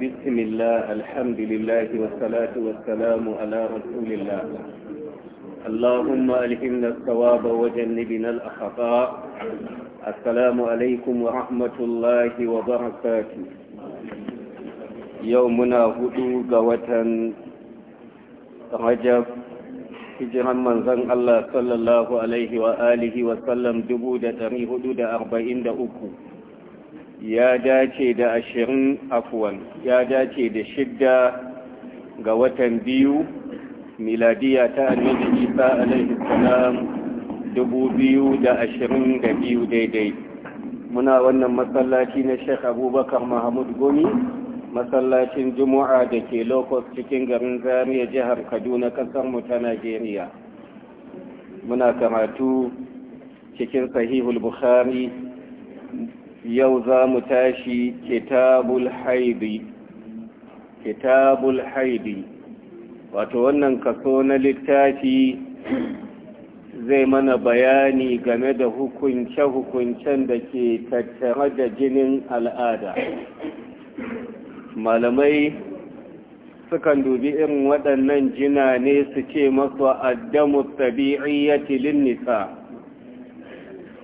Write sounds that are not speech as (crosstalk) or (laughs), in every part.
بسم الله الحمد لله والصلاة والسلام على رسول الله اللهم ألهمنا الثواب وجنبنا الأخطاء السلام عليكم ورحمة الله وبركاته يومنا هدو قوة رجب hijiran manzon Allah sallallahu alaihi wa alihi wa sallam dubu da ɗari hudu da arba'in da uku ya dace da ashirin afuwan ya dace da shidda ga watan biyu miladiya ta annabi isa alaihi salam dubu biyu da ashirin da biyu daidai muna wannan masallaci na sheikh abubakar mahmud gumi masallacin juma'a da ke lokos cikin garin zariya jihar kaduna kasar mu ta najeriya muna karatu cikin sahihul bukhari yau za mu tashi kitabul haidi kitabul haidi wato wannan kaso na littafi zai mana bayani game da hukunce-hukuncen da ke tattare da jinin al'ada malamai sukan dubi irin waɗannan jina ne su ce masu addamu tabi'iyyati lin nisa'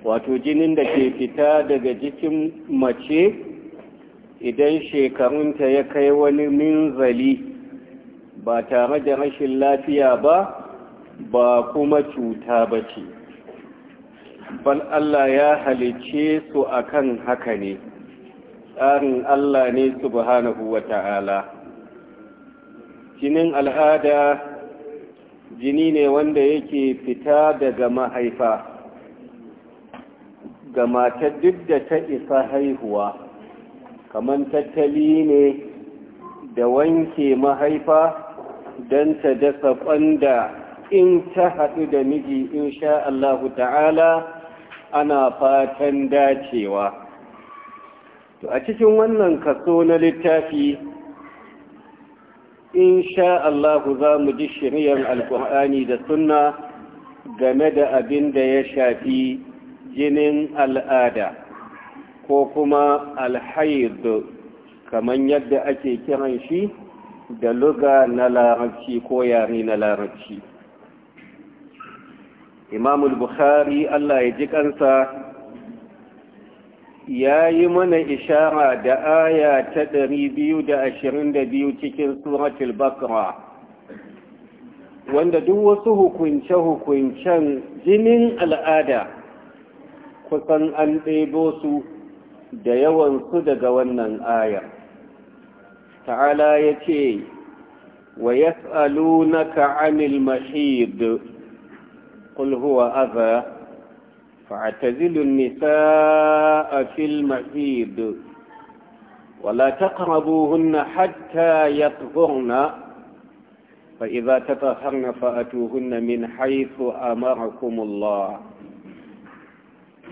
wato jinin da ke fita daga jikin mace idan shekarunta ya kai wani minzali ba tare da rashin lafiya ba ba kuma cuta ba ce ban Allah ya halice su akan haka ne tsarin Allah ne subhanahu wa ta'ala jinin al'ada jini ne wanda yake fita daga mahaifa ga mata duk da ta isa haihuwa kamar tattali ne da wanke mahaifa don ta dasa ƙwanda in ta haɗu da miji in sha Allahu ta'ala ana fatan dacewa to a cikin wannan kaso na littafi in sha Allahu za mu ji shiriyar alƙur'ani da sunna game da abin da ya shafi jinin al'ada ko kuma alhaid kamar yadda ake kiran shi da luga na larabci ko yare na larabci imamul bukhari allah ya ji kansa ya yi mana ishara da aya ta biyu cikin suratul bakra wanda duk wasu hukunce-hukuncen jinin al'ada kusan an ɗebo su da yawansu daga wannan aya ta'ala ya ce wa ya tsalu yas'alunaka anil mahid qul huwa fa'ata zilin nisa a fil wala ta mahid ولا تقربوهن حتى يطهرن فإذا تطهرن فأتوهن من حيث أمركم الله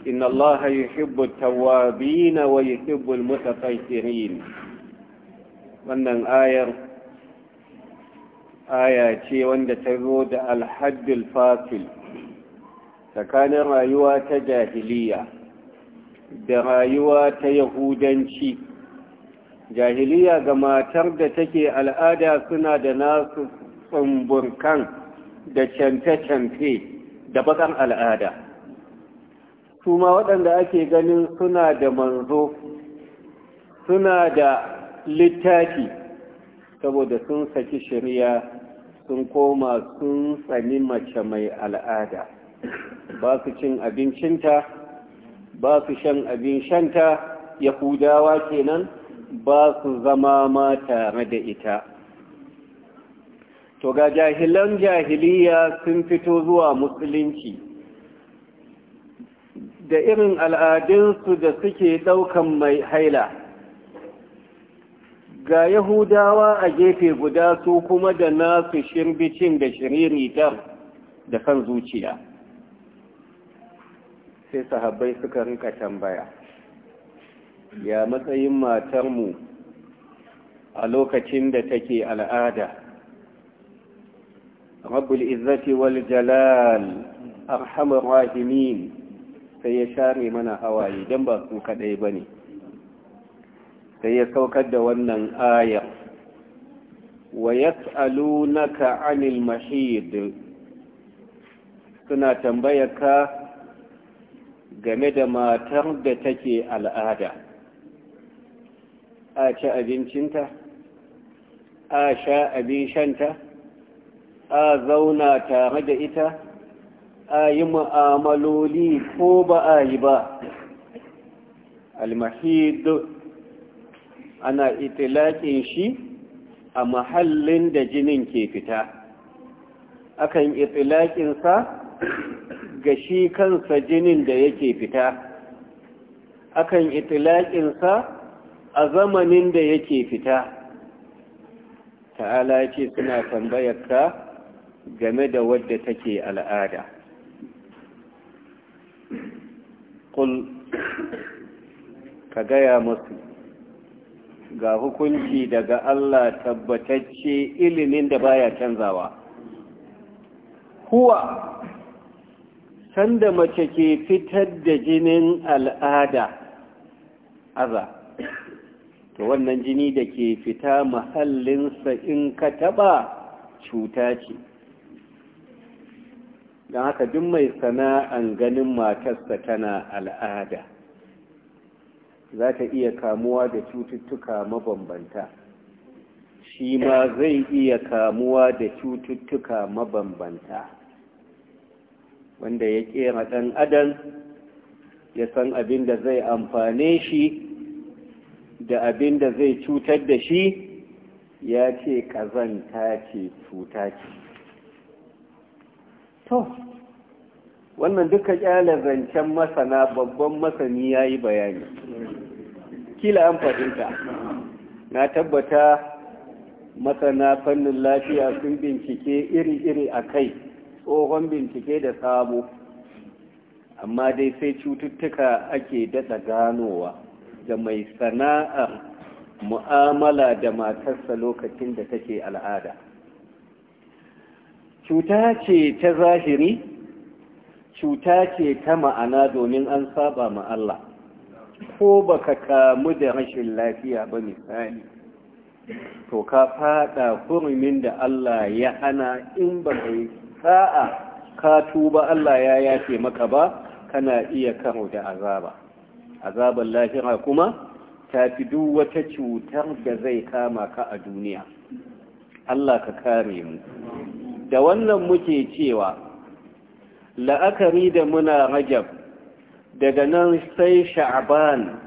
إن الله يحب التوابين ويحب المتطهرين wannan ayar aya ce wanda ta zo da alhaddul fasil tsakanin rayuwa ta jahiliya da rayuwa ta yahudanci jahiliya ga matar da take al'ada suna da nasu tsumburkan da cante-cante da bakan al'ada su waɗanda ake ganin suna da manzo suna da littafi saboda sun saki shari'a sun koma sun tsani mace mai al'ada ba su cin abincinta ba su shan abin shanta yahudawa kenan ba su zama ma tare da ita to ga jahilan jahiliya sun fito zuwa musulunci da irin al'adunsu da suke ɗaukan mai haila ga yahudawa a gefe guda su kuma da nasu shirbicin da shiririta da kan zuciya sai sahabbai suka rika tambaya ya matsayin matarmu a lokacin da take al'ada rabbul izzati wal jalal arhamar rahimin sai ya share mana hawaye don ba su kaɗai ba ne sai ya saukar da wannan ayar wa yas'alunaka anil mahid suna tambayar ka game da matar da take al'ada a ci abincinta a sha abin shanta a zauna tare da ita a yi ma'amaloli ko ba a yi ba almahid ana itilaƙin shi a mahallin da jinin ke fita akan itilaƙinsa ga shi kansa jinin da yake fita akan itilaƙinsa a zamanin da yake fita ta'ala ce suna tambayar ka game da wadda take al'ada kul ka gaya masu ga hukunci daga Allah tabbatacce ilimin da baya canzawa huwa sanda mace ke fitar da jinin al'ada aza to wannan jini da ke fita mahallinsa in ka taba cuta ce don haka duk mai sana'an ganin matarsa tana al'ada za ta iya kamuwa da cututtuka mabambanta shi ma zai iya kamuwa da cututtuka mabambanta wanda ya kera ɗan adam ya san abin da zai amfane shi da abin da zai cutar da shi ya ce ƙazanta ce cuta ce to wannan duka kyalar zancen masana babban masani ya yi bayani kila an fahimta na tabbata masana fannin lafiya sun bincike iri-iri a kai tsohon bincike da sabo amma dai sai cututtuka ake daɗa ganowa da mai sana'a mu'amala da matarsa lokacin da take al'ada cuta ce ta zahiri cuta ce ta ma'ana domin an saba ma Allah ko baka kamu da rashin lafiya ba misali to ka fada kurmin da Allah ya hana in baka yi sa'a ka tuba Allah ya yafe maka ba kana iya karo da azaba azabar lafiya kuma ta fi duk wata cutar da zai kama ka a duniya Allah ka kare mu da wannan muke cewa la'akari da muna rajab daga nan sai sha'aban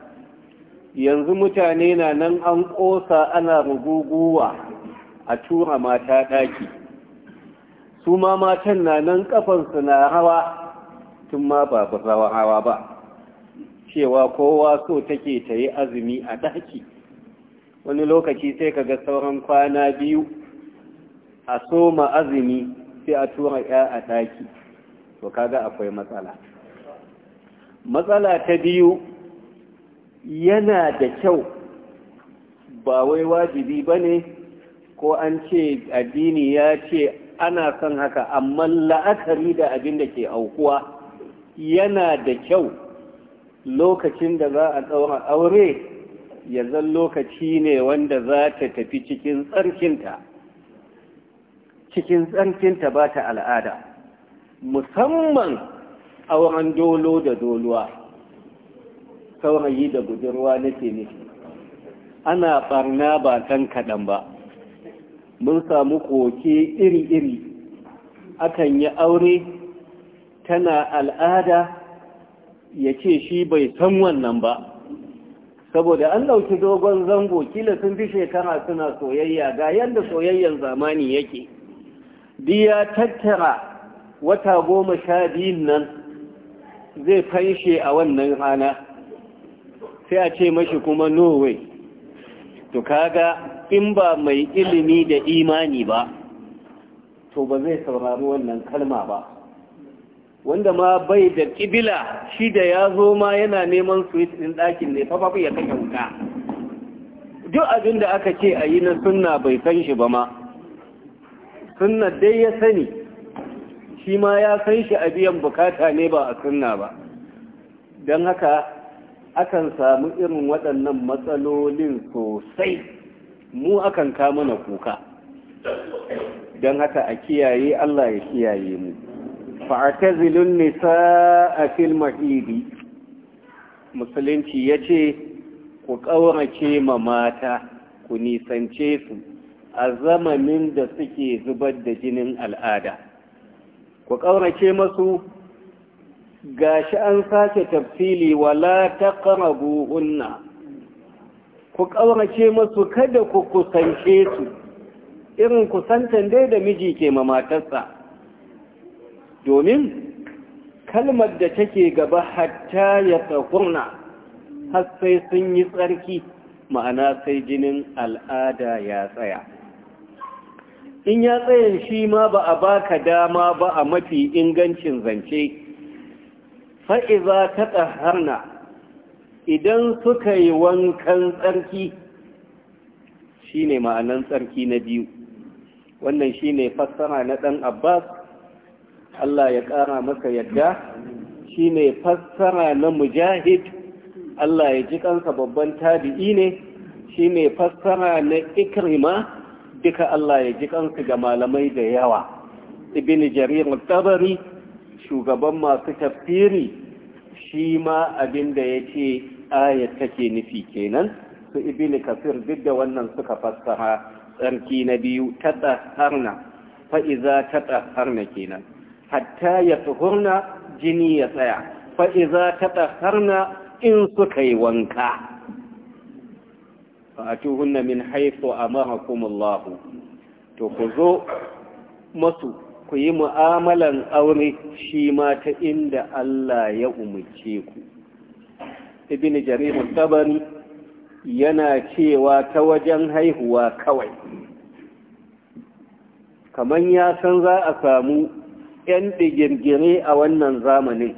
yanzu mutane na nan an ƙosa ana ruguguwa a tura mata ɗaki su ma matan na nan ƙafansu na hawa tun ma ba rawa hawa ba cewa kowa so take tayi azumi a ɗaki wani lokaci sai kaga sauran kwana biyu a soma azumi sai a tura ya a taki to kaga akwai matsala matsala ta biyu yana da kyau ba wai wajibi ba ne ko an ce addini ya ce ana son haka amma la'akari da abin da ke aukuwa yana da kyau lokacin da za a tsawon aure ya zan lokaci ne wanda za ta tafi cikin tsarkinta cikin tsarkinta ba ta al'ada musamman auren dolo da doluwa saurayi da budurwa nake ne ana barna ba kan kaɗan ba mun samu koke iri-iri akan yi aure tana al'ada ya ce shi bai san wannan ba saboda an ɗauki dogon zango kila sun fi shekara suna soyayya ga yadda soyayyan zamani yake ya tattara wata goma sha biyun nan zai fanshe a wannan rana sai a ce mashi kuma norway to kaga in ba mai ilimi da imani ba to ba zai saurari wannan kalma ba wanda ma bai da ƙibila shi da ya zo ma yana neman suwit ɗin ɗakin ne fafafi ya kashe wuta duk abin da aka ce a yi na suna bai san shi ba ma sunna dai ya sani shi ma ya san shi a biyan bukata ne ba a sunna ba don haka akan samu irin waɗannan matsalolin sosai mu akan mana kuka don haka a kiyaye Allah ya kiyaye mu fa'atazilun nisa a filmar mahidi. musulunci ya ce ku ƙaurace ma mata ku nisance su a zamanin da suke zubar da jinin al'ada ku ƙaurace masu gashi an sake tafsili wala buhunna' ku ƙaurace masu kada ku kusance su irin kusantan dai da miji ke mamatarsa, domin kalmar da take gaba hatta ya tsakurna har sai sun yi tsarki ma'ana sai jinin al'ada ya tsaya in ya tsayin shi ma ba a baka dama ba a mafi ingancin zance fa'iza ta tsaharna idan suka yi wankan tsarki shi ne ma'anan tsarki na biyu wannan shi ne fassara na ɗan abbas Allah ya ƙara masa yadda shi ne fassara na mujahid Allah ya ji kansa babban tabi'i ne shi ne fassara na ikrima duka Allah ya ji kansu ga malamai da yawa ibn jarir tabari shugaban masu tafsiri shi ma abinda da ya ce ayat take nufi kenan su ibn kasir duk da wannan suka fassara tsarki na biyu ta tsaharna fa'iza ta kenan hatta ya tsuhurna jini ya tsaya fa'iza ta tsaharna in suka yi wanka fa'atuhunna min haythu Allah, to ku zo masu ku yi mu'amalan aure shi ma ta inda Allah ya umurce ku ibn jarir tabari yana cewa ta wajen haihuwa kawai kamar ya san za a samu 'yan digirgire a wannan zamanin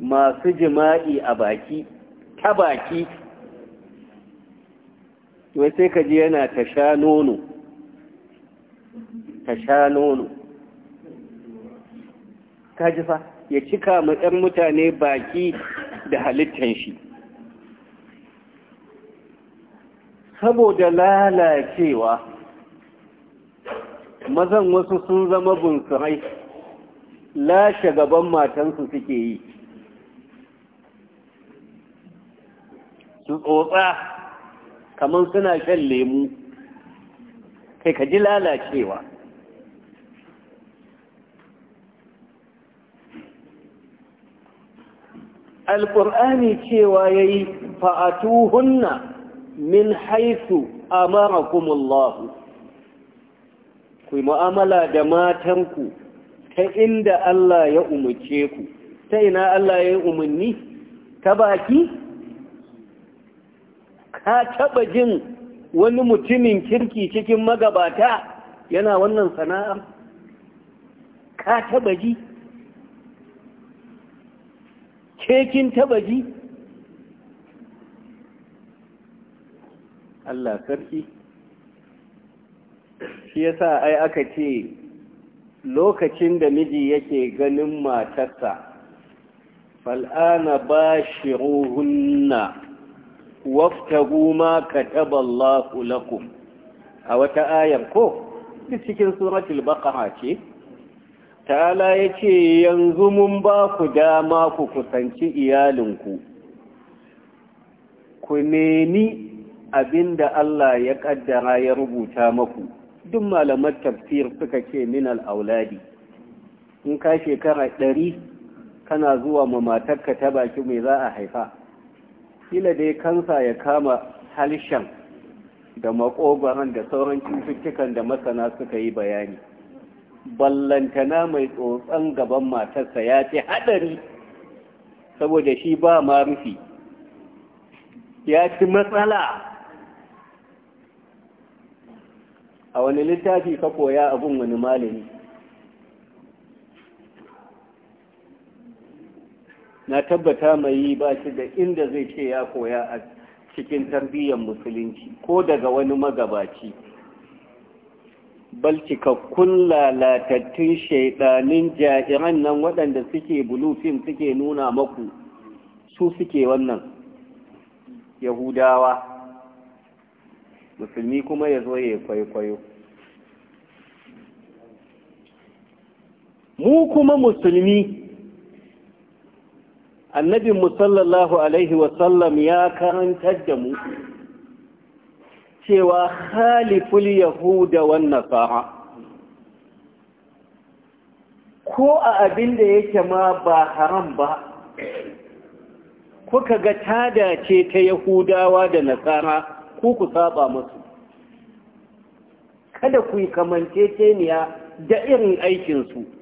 masu jima'i a baki ta baki wai sai ka yana ta sha nono ta sha nono ka ji fa ya cika ma 'yan mutane baki da halittan shi saboda lalacewa mazan wasu sun zama bunsurai lashe gaban matansu suke yi su tsotsa kamar suna shan lemu kai ka ji lalacewa alƙur'ani cewa ya yi fa'atuhunna min haisu amarakumullahu ku yi mu'amala da matanku ta inda Allah ya umuce ku ta ina Allah ya yi umarni ta baki ka taɓa jin wani mutumin kirki cikin magabata yana wannan sana'a ka taɓa ji kekin taɓa ji Allah sarki shi yasa ai aka ce lokacin da miji yake ganin matarsa fal'ana ba shi ruhunna ka ma kataballahu lakum a wata ayar ko duk cikin suratul baqara ce ta'ala yace yanzu mun ba ku dama ku kusanci iyalinku ku nemi abinda Allah ya kaddara ya rubuta maku duk malaman tafsir suka ce min al-auladi in ka shekara 100 kana zuwa ma matarka ta baki mai za a haifa kila dai kansa ya kama halshen da makogoron da sauran cututtukan da masana suka yi bayani ballantana mai tsotson gaban matarsa ya ce haɗari saboda shi ba ma rufi ya ci matsala a wani littafi ka koya abin wani malami na tabbata mai yi ba shi da inda zai ce ya koya a cikin tarbiyyar musulunci ko daga wani magabaci ka kula lalatattun shaidanin ja'iran nan waɗanda suke bulufin suke nuna maku su suke wannan yahudawa musulmi kuma ya zo ya kwaikwayo mu kuma musulmi annabin musallallahu alaihi wasallam ya karantar da mu cewa haliful yahuda wan nasara ko a abin da yake ma ba haram ba kuka ga tada ce ta yahudawa da nasara ku ku saba musu kada ku yi kamanceceniya da irin aikinsu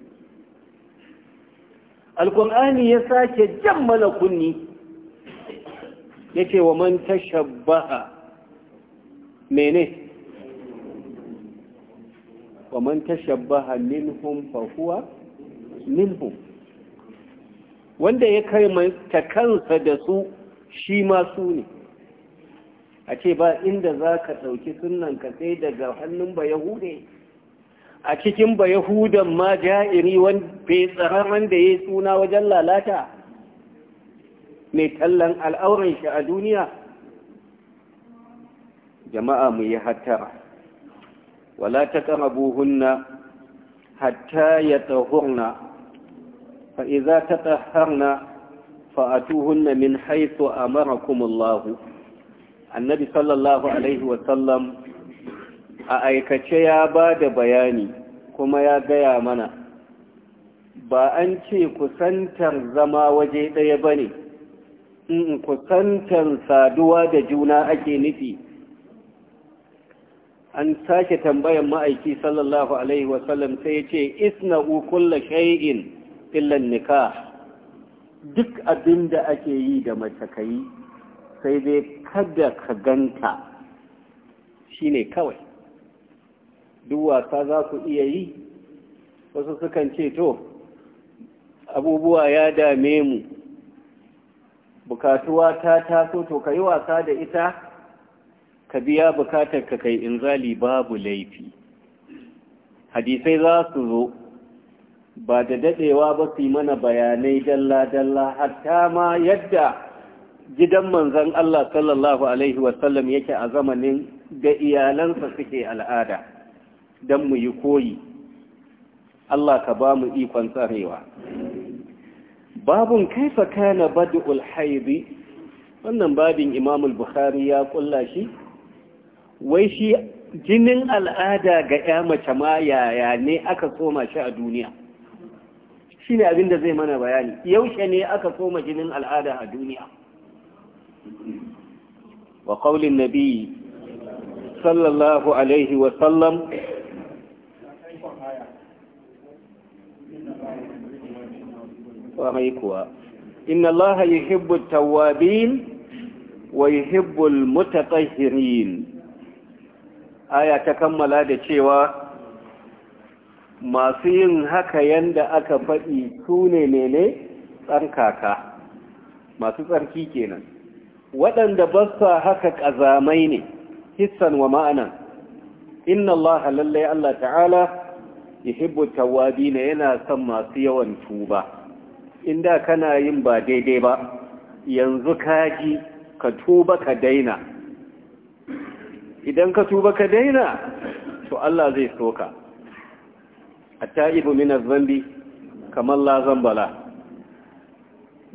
alkur'ani ya sake jan mana kunne. ya ce wa man tashabbaha mene wa man tashabbaha minhum fa huwa minhum wanda ya ta kansa da su shi ma su ne a ce ba inda za ka ɗauki sunan ka sai daga hannun ba a cikin ba yahudan ma ja'iri bai tsararren da ya suna wajen lalata mai tallan al'auran shi a duniya jama'a mu yi hattara wala ta ƙarabuhunna hatta ya tsahurna fa'iza ta tsaharna fa'atuhunna min haiso a marakumullahu annabi sallallahu alaihi wasallam a aikace ya ba da bayani kuma ya gaya mana ba an ce kusantar zama waje ɗaya ba ne mm, kusantar saduwa da juna ake nufi an sake tambayan ma'aiki sallallahu alaihi wasallam sai ya ce isna ukulla shay'in illan nika duk abin da ake yi da matakai, sai dai kada ka ganta shi ne kawai duk wasa za su iya yi wasu sukan ce to abubuwa ya dame mu bukatuwa ta taso to ka yi wasa da ita ka biya bukatar ka kai in zali, babu laifi hadisai za su zo ba da dadewa ba su yi mana bayanai dalla-dalla hatta ma yadda gidan manzan Allah sallallahu Alaihi wasallam yake a zamanin da iyalansa suke al'ada don mu yi koyi Allah ka ba mu ikon tsarewa babun kaifa kana bad'ul haidi wannan babin Imam al-Bukhari ya kulla shi wai shi jinin al'ada ga ya mace ma yaya ne aka soma shi a duniya shine abin zai mana bayani yaushe ne aka soma jinin al'ada a duniya wa qaulin nabi sallallahu alaihi wa sallam amai kuwa inna Allah hibbu tawabin wa hibbu aya ta kammala da cewa masu yin haka yanda aka faɗi su ne ne tsarkaka masu tsarki kenan waɗanda ba sa haka ƙazamai ne hissan wa ma'anan inna Allah lallai Allah ta'ala yuhibbu ne yana son masu yawan tuba inda kana yin ba daidai ba yanzu kaji ka tuba ka daina idan ka tuba ka daina to Allah zai soka at-ta'ibu min kamar la zambala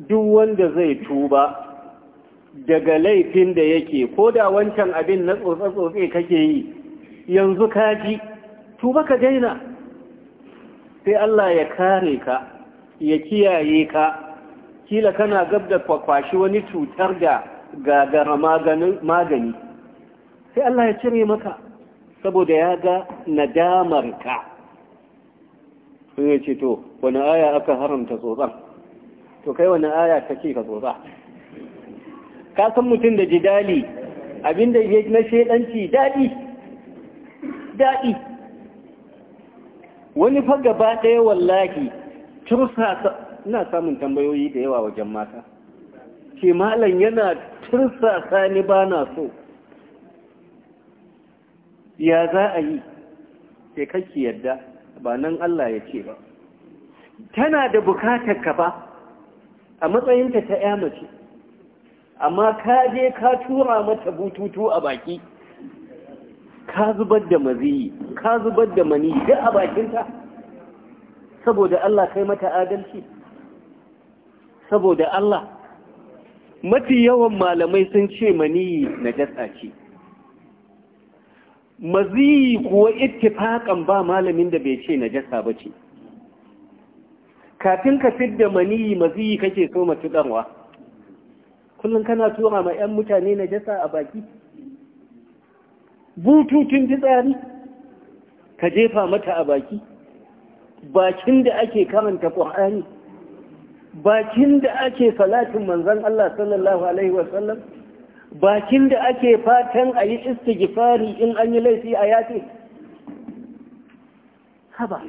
duk wanda zai tuba daga laifin da yake ko da wancan abin na tsotse kake yi yanzu kaji tuba ka daina sai Allah ya kare ka ya kiyaye ka kila kana gab da kwakwashi wani cutar da gagara magani sai Allah ya cire maka saboda ya ga nadamarka. ka sun yi ce to wani aya aka haramta tsotsan to kai wani aya ta ce ka tsotsa ka san mutum da jidali abinda ya na shaidanci daɗi daɗi wani fa gaba ɗaya wallahi tursasa ina samun tambayoyi da yawa wajen mata ke malam yana tursasa ni ba na so ya za a yi ke kake yadda ba nan Allah ya ce ba tana da bukatar ka ba a matsayinta ta ya mace amma ka je ka tura mata bututu a baki ka zubar da maziyi ka zubar da mani da a bakinta saboda Allah kai mata adalci saboda Allah mafi yawan malamai sun ce maniyi najasa ce maziyi kuwa ittifaƙan ba malamin da bai ce najasa ba ce kafin ka fidda maniyi maziyi kake so matuƙarwa kullum kana tura ma 'yan mutane na najasa a baki bututun tsari, ka jefa mata a baki bakin da ake karanta ƙwa'ani bakin da ake salatin manzan Allah sallallahu Alaihi wasallam bakin da ake fatan a yi gifari in an yi laifi a yaƙi haba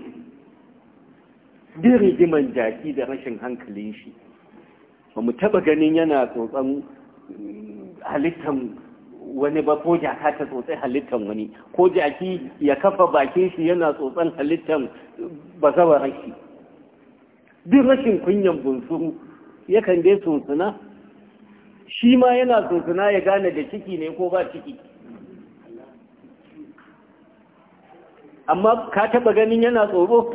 dirigiman jaki da rashin hankalin shi ba mu taɓa ganin yana tsotson halittar wani ba ko jaka ta tsotsai halittan wani ko jaki ya kafa bakin shi yana tsotsan halittan bazawarar rashi duk rashin kunyan bunsuru yakan dai tsotsuna shi ma yana tsotsuna ya gane da ciki ne ko ba ciki amma ka taba ganin yana tsoro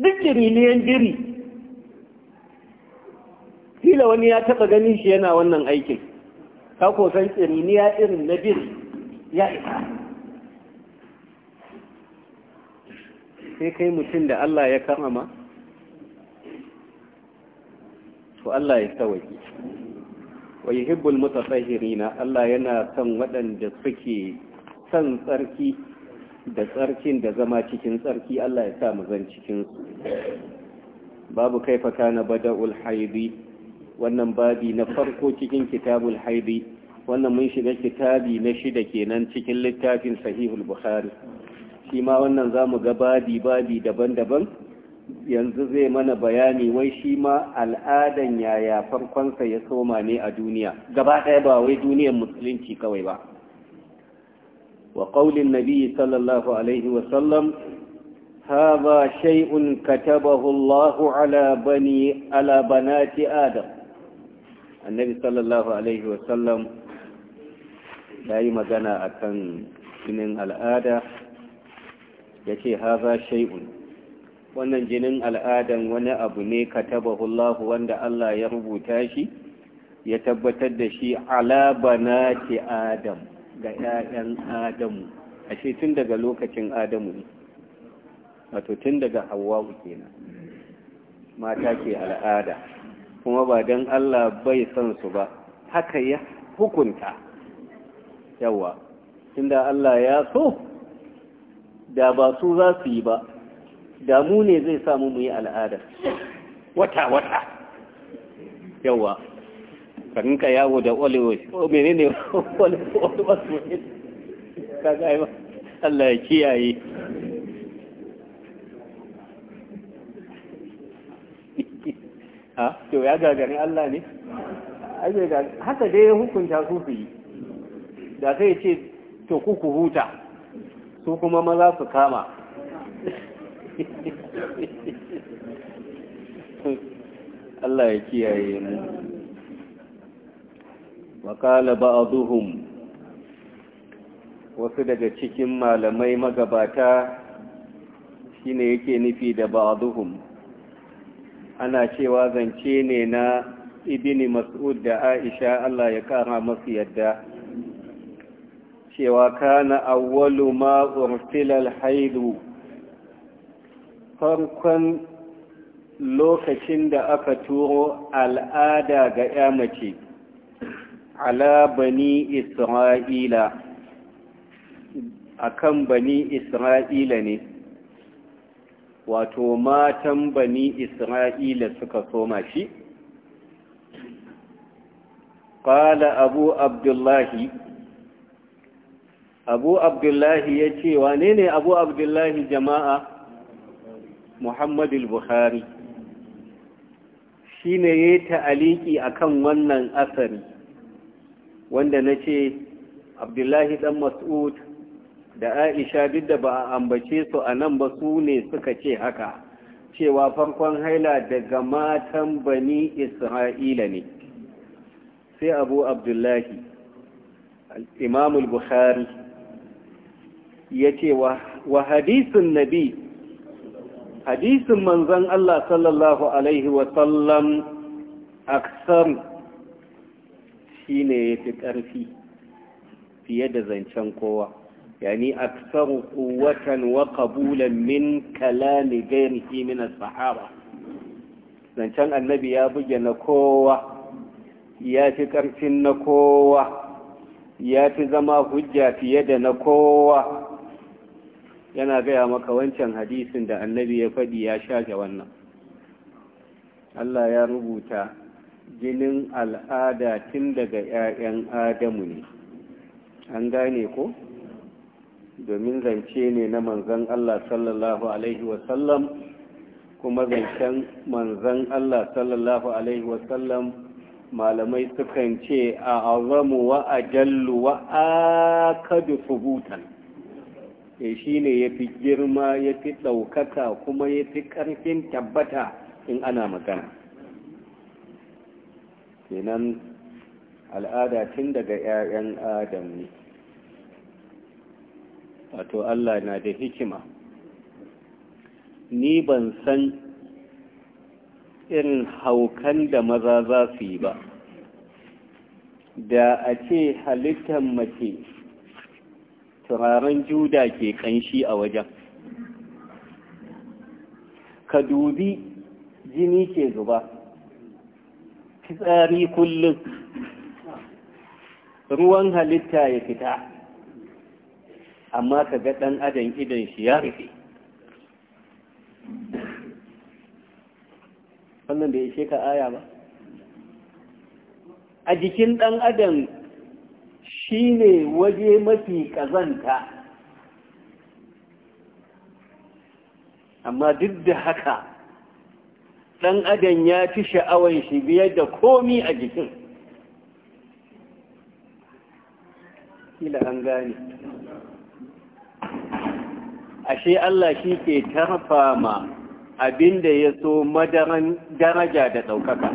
duk yan jiri kila wani ya taba ganin shi yana wannan aikin ka ko san tsiriniya irin na bin ya isa sai kai mutum da Allah ya ma to Allah ya tsawaki wa yuhibbul mutatahhirina Allah yana son waɗanda suke son tsarki da tsarkin da zama cikin tsarki Allah ya sa mu zan cikin su babu kaifa kana bada'ul haidi wannan babi na farko cikin kitabul haidi wannan mun shiga kitabi na shida kenan cikin littafin sahihul bukhari shi ma wannan za mu ga babi babi daban-daban yanzu zai mana bayani wai shi ma al'adan yaya farkonsa ya soma ne a duniya gaba ɗaya ba wai duniya musulunci kawai ba wa ƙaunin nabi sallallahu alaihi wasallam هذا شيء كتبه الله على بني على بنات آدم annabi sallallahu alaihi wasallam ya yi magana a kan jinin al'ada ya ce haza shai'un wannan jinin al'adan wani abu ne ka tabahullahu wanda Allah ya rubuta shi ya tabbatar da shi alabana ke adam ga 'ya'yan adamu ashe tun daga lokacin adamu ne wato tun daga hawa'u kenan mata ke al'ada kuma ba don Allah bai son su ba haka ya hukunta yawa inda Allah ya so da ba su za su yi ba da mu ne zai samu mu yi al'ada wata-wata yawa karinka yawo da oliwis o oh, mene ne (laughs) oliwis kaga Allah ya kiyaye ha to ya gagari Allah ne haka dai ya hukunta su su yi da sai ce to ku ku huta su kuma maza su kama (laughs) Allah ya kiyaye mu wakala ba'aduhum wasu daga cikin malamai magabata shine yake nufi da ba'aduhum ana cewa zance ne na ibini mas'ud da aisha Allah ya kara masu yadda cewa kana awwalu ma ursilal haidu farkon lokacin da aka turo al'ada ga ya mace ala bani isra'ila akan bani isra'ila ne wato matan bani isra'ila suka soma shi ƙala abu abdullahi abu abdullahi ya ce wane ne abu abdullahi jama'a muhammadu buhari shi ne ya ta'aliki a kan wannan asari wanda na ce abdullahi ɗan mas'ud da aisha duk da ba a ambace su a nan ba su ne suka ce haka cewa farkon haila daga matan bani isra'ila ne sai abu abdullahi imamul bukhari ya ce wa hadisun nabi hadisun manzan Allah sallallahu Alaihi wasallam aksar shi ne ya fi ƙarfi fiye da zancen kowa يعني أكثر قوة وقبولا من كلام غيره من الصحابة zancen annabi ya buge na kowa ya fi ƙarfin na kowa ya fi zama hujja fiye da na yana gaya maka wancan hadisin da annabi ya faɗi ya shafe wannan Allah ya rubuta jinin al'ada tun daga ‘ya'yan adamu ne an gane ko? domin zance ne na manzan Allah sallallahu Alaihi wasallam kuma zancen manzan Allah sallallahu Alaihi wasallam malamai sukan ce a azamu wa jallu wa kadu subutan e shi ne ya fi girma ya fi ɗaukaka kuma ya fi ƙarfin tabbata in ana magana kenan al'ada tun daga 'ya'yan adam ne wato Allah na da hikima ni ban san irin haukan da maza za su yi ba da a ce halittar mace turaren juda ke kanshi a wajen ka dubi jini ke zuba fitsari kullum ruwan halitta ya fita amma ka ga ɗan adam idan shi ya rufe wannan bai ishe ka aya ba a jikin ɗan adam shi ne waje mafi ƙazanta amma duk da haka ɗan adam ya fi sha'awar shi biyar da komi a jikin kila an gane ashe Allah shi ke tarfa ma abin da ya so madaran daraja da ɗaukaka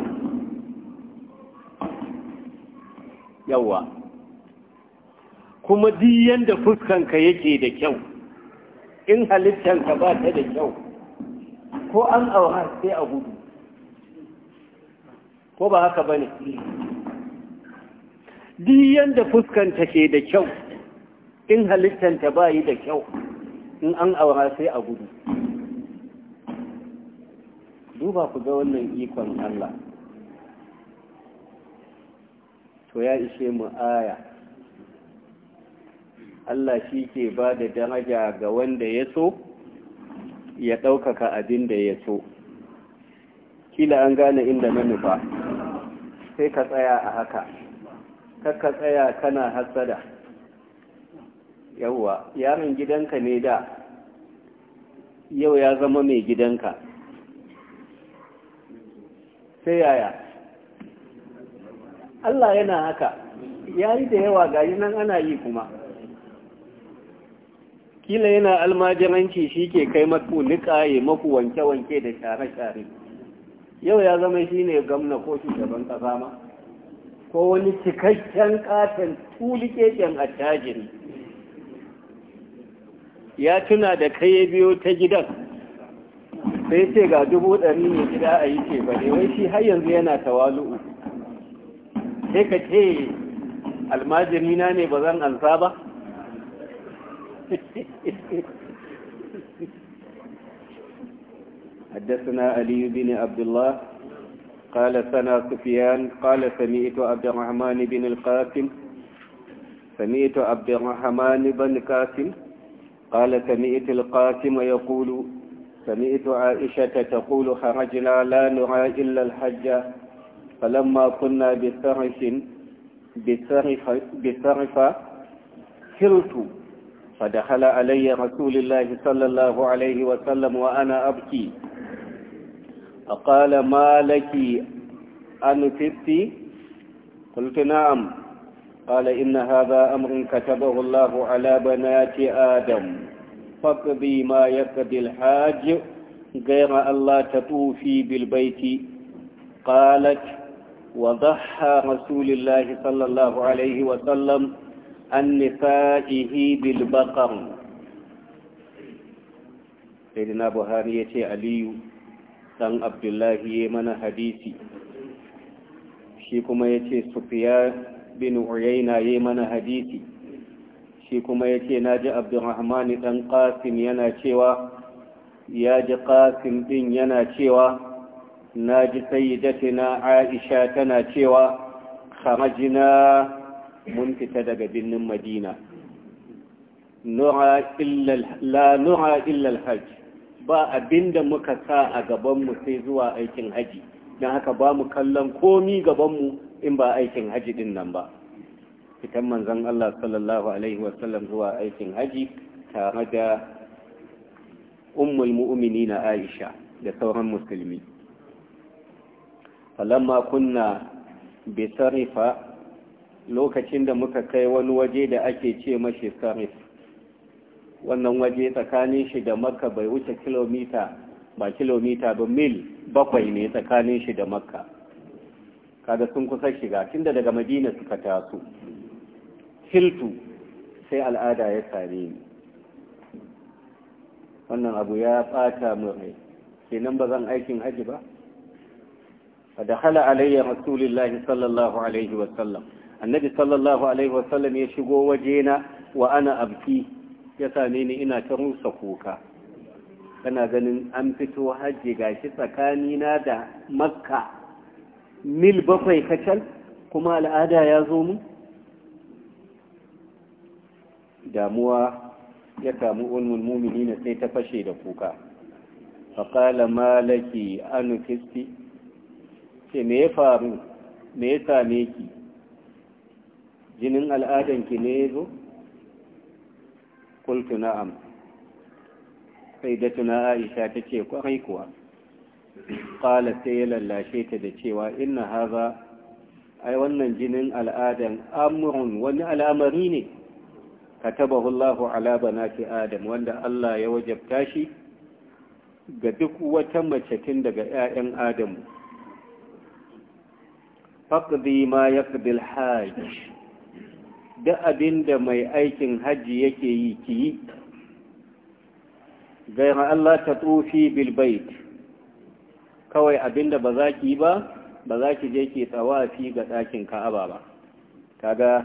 yawa kuma duk yanda fuskanka yake da kyau in halittanka ba ta da kyau ko an aura sai a gudu ko ba haka ba ne duk yanda fuskanta ke da kyau in halittanta ba yi da kyau in an aura sai a gudu duba ku ga wannan ikon Allah to ya ishe mu aya Allah shi ke ba da daraja ga wanda ya so ya ɗaukaka abin da ya so kila an gane inda manufa sai ka tsaya a haka kakka tsaya kana hasada yawwa yaron gidanka ne da yau ya zama mai gidanka sai yaya Allah yana haka ya yi da yawa gari nan ana yi kuma kila yana almajiranci shi ke kai maku yi maku wanke-wanke da share-share yau ya zama shi ne gamna ko shugaban ƙasa ma ko wani cikakken katon a attajiri ya tuna da kai biyo ta gidan sai ce ga dubu ɗari ne gida a yi ce bane wai shi har yanzu yana tawalu'u sai ka ce almajirina ne ba zan ansa ba حدثنا علي بن عبد الله قال ثنا سفيان قال سمعت عبد الرحمن بن القاسم سمعت عبد الرحمن بن قاسم قال سمعت القاسم يقول سمعت عائشة تقول خرجنا لا نرى إلا الحج فلما كنا بسرف بسرف بسرف سرت فدخل علي رسول الله صلى الله عليه وسلم وأنا أبكي فقال ما لك تبكي قلت نعم قال إن هذا أمر كتبه الله على بنات آدم فاقضي ما يقضي الحاج غير ألا تطوفي بالبيت قالت وضحى رسول الله صلى الله عليه وسلم عن نسائه بالبقر سيدنا بهاري يتي علي سن عبد الله يمن حديثي shi kuma ya ce bin uyayna yayi mana hadisi shi kuma yace naji abdurrahman dan qasim yana cewa ya ji qasim din yana cewa naji sayyidatina aisha tana cewa kharajna mun fita daga birnin madina nura illa la nura ba abinda muka sa a gabanmu sai zuwa aikin haji don haka ba mu kallon komi gabanmu in ba aikin haji din nan ba fitan manzon Allah sallallahu alaihi wasallam zuwa aikin haji tare da ummul na Aisha da sauran musulmi falamma kunna bi sarifa lokacin da muka kai wani waje da ake ce mashi sarif wannan waje tsakanin shi da makka bai wuce kilomita ba kilomita ba mil bakwai ne tsakanin shi da makka kaga sun kusa shiga tunda daga madina suka taso hiltu sai al'ada ya same ni wannan abu ya bata mu rai kenan ba zan aikin haji ba فدخل علي رسول الله صلى Sallallahu wa wa sallam ya shigo wajena wa ana abki ya same ni ina ta rusa kuka kana ganin an fito haji gashi na da makka mil bakwai kacal kuma al'ada ya zo mu damuwa ya kamu ulmul na sai ta fashe da kuka faƙala malaki anu kisti ce me ya faru me ya same ki jinin al'adanki ne ya zo kultu na'am sai da tuna aisha ta ce kwarai kuwa qala sai ya lallashe ta da cewa inna haza ai wannan jinin al'adan amrun wani al'amari ne katabahu Allahu ala banati adam wanda Allah ya wajabta shi ga duk wata mace tun daga 'ya'yan adam faqdi ma yaqdi al-hajj da abinda mai aikin hajji yake yi ki gaira Allah ta tufi bil kawai abinda ba za ki yi ba ba za ki je ki tsawafi ga ɗakin ka'aba ba kaga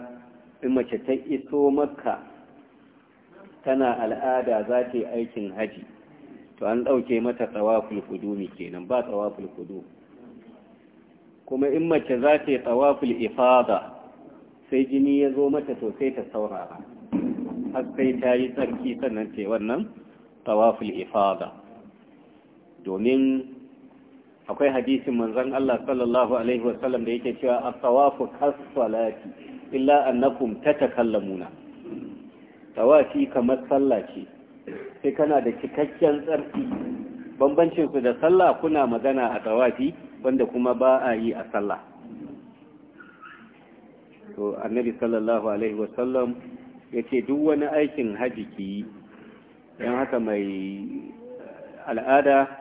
in mace ta iso makka tana al'ada za ta aikin haji to an ɗauke mata tsawaful kudumi kenan ba tsawafin kudu kuma in mace za ta yi tsawafin ifada sai jini ya zo mata to sai ta saurara har sai ta yi tsarki sannan ce wannan tsawafin ifada domin akwai hadisin manzon Allah sallallahu alaihi wasallam da yake cewa as-sawafu kas-salati illa annakum tatakallamuna tawafi kamar sallah ce sai kana da cikakken tsarki bambancin su da sallah kuna magana a tawafi wanda kuma ba a yi a sallah to annabi sallallahu alaihi wasallam yace duk wani aikin haji ki dan haka mai al'ada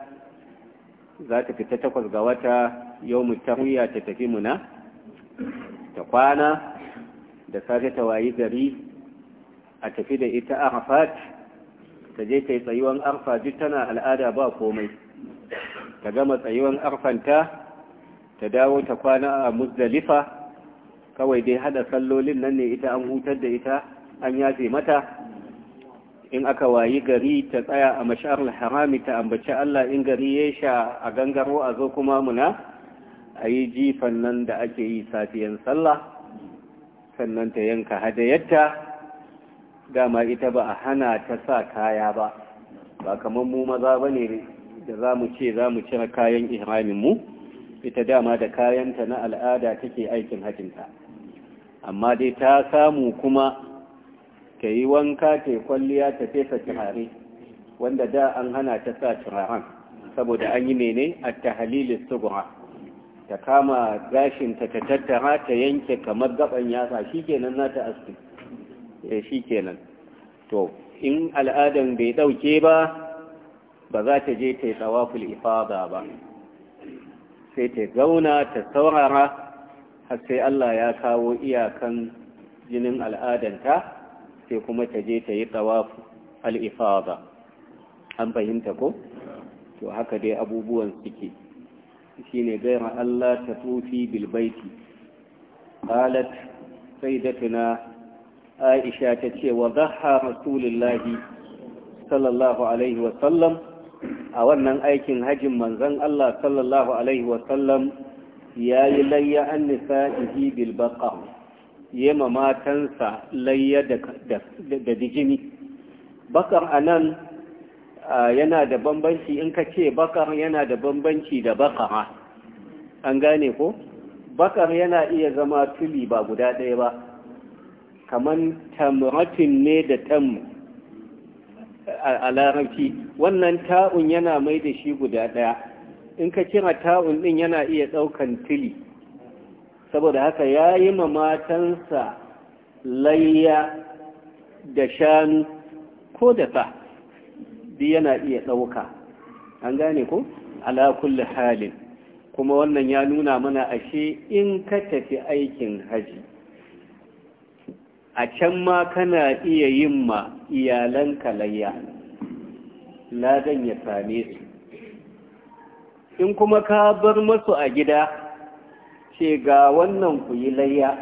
za ta fita takwas ga wata yau mutarwiya ta tafi muna ta kwana da safe ta wayi gari a tafi da ita arfat ta je ta yi tsayuwan arfa duk tana al'ada ba komai ta gama tsayuwan arfanta ta dawo ta kwana a muzdalifa kawai dai hada sallolin nan ne ita an hutar da ita an yafe mata in aka wayi gari ta tsaya a mashar harami ta ambaci Allah in gari ya sha a gangaro a zo kuma muna a yi jifan nan da ake yi safiyan sallah sannan ta yanka hadayarta dama ita ba a hana ta sa kaya ba ba kamar mu maza ba ne da za mu ce za mu cire kayan mu? ita dama da kayanta na al'ada take aikin hajjinta amma dai ta samu kuma ka yi wanka ta kwalliya ta fesa turare wanda da an hana ta sa turaren saboda an yi mene a su sugura ta kama gashinta ta tattara ta yanke kamar gaban yasa kenan na ta eh, shi kenan. to in al'adar bai dauke ba ba za ta je ta yi tsawaful ifada ba sai ta zauna ta saurara har sai Allah ya kawo iyakan jinin al'adanta sai kuma ta je ta yi tsawafu al'ifada an fahimta ko? to haka dai abubuwan suke shi ne gaira Allah ta tufi bilbaiti halat sai datuna aisha ta ce wa zaha rasulullahi sallallahu alaihi wasallam a wannan aikin hajjin manzan Allah sallallahu alaihi wasallam ya yi layya an ihi bilbaƙa yema matansa layya da dijini bakar a nan yana da bambanci in ka ce bakar yana da bambanci da bakara an gane ko bakar yana iya zama tuli ba guda ɗaya ba kamar tamratin ne da tam a larabci wannan ta'un yana mai da shi guda ɗaya in ka kira ta'un ɗin yana iya ɗaukan tuli saboda haka ya yi ma matansa layya da shanu ko da sa bi yana iya ɗauka an gane ko ala kulli halin kuma wannan ya nuna mana ashe in ka tafi aikin haji a can ma kana iya yin ma iyalanka layya ladan ya same su in kuma ka bar masu a gida ce ga wannan ku yi layya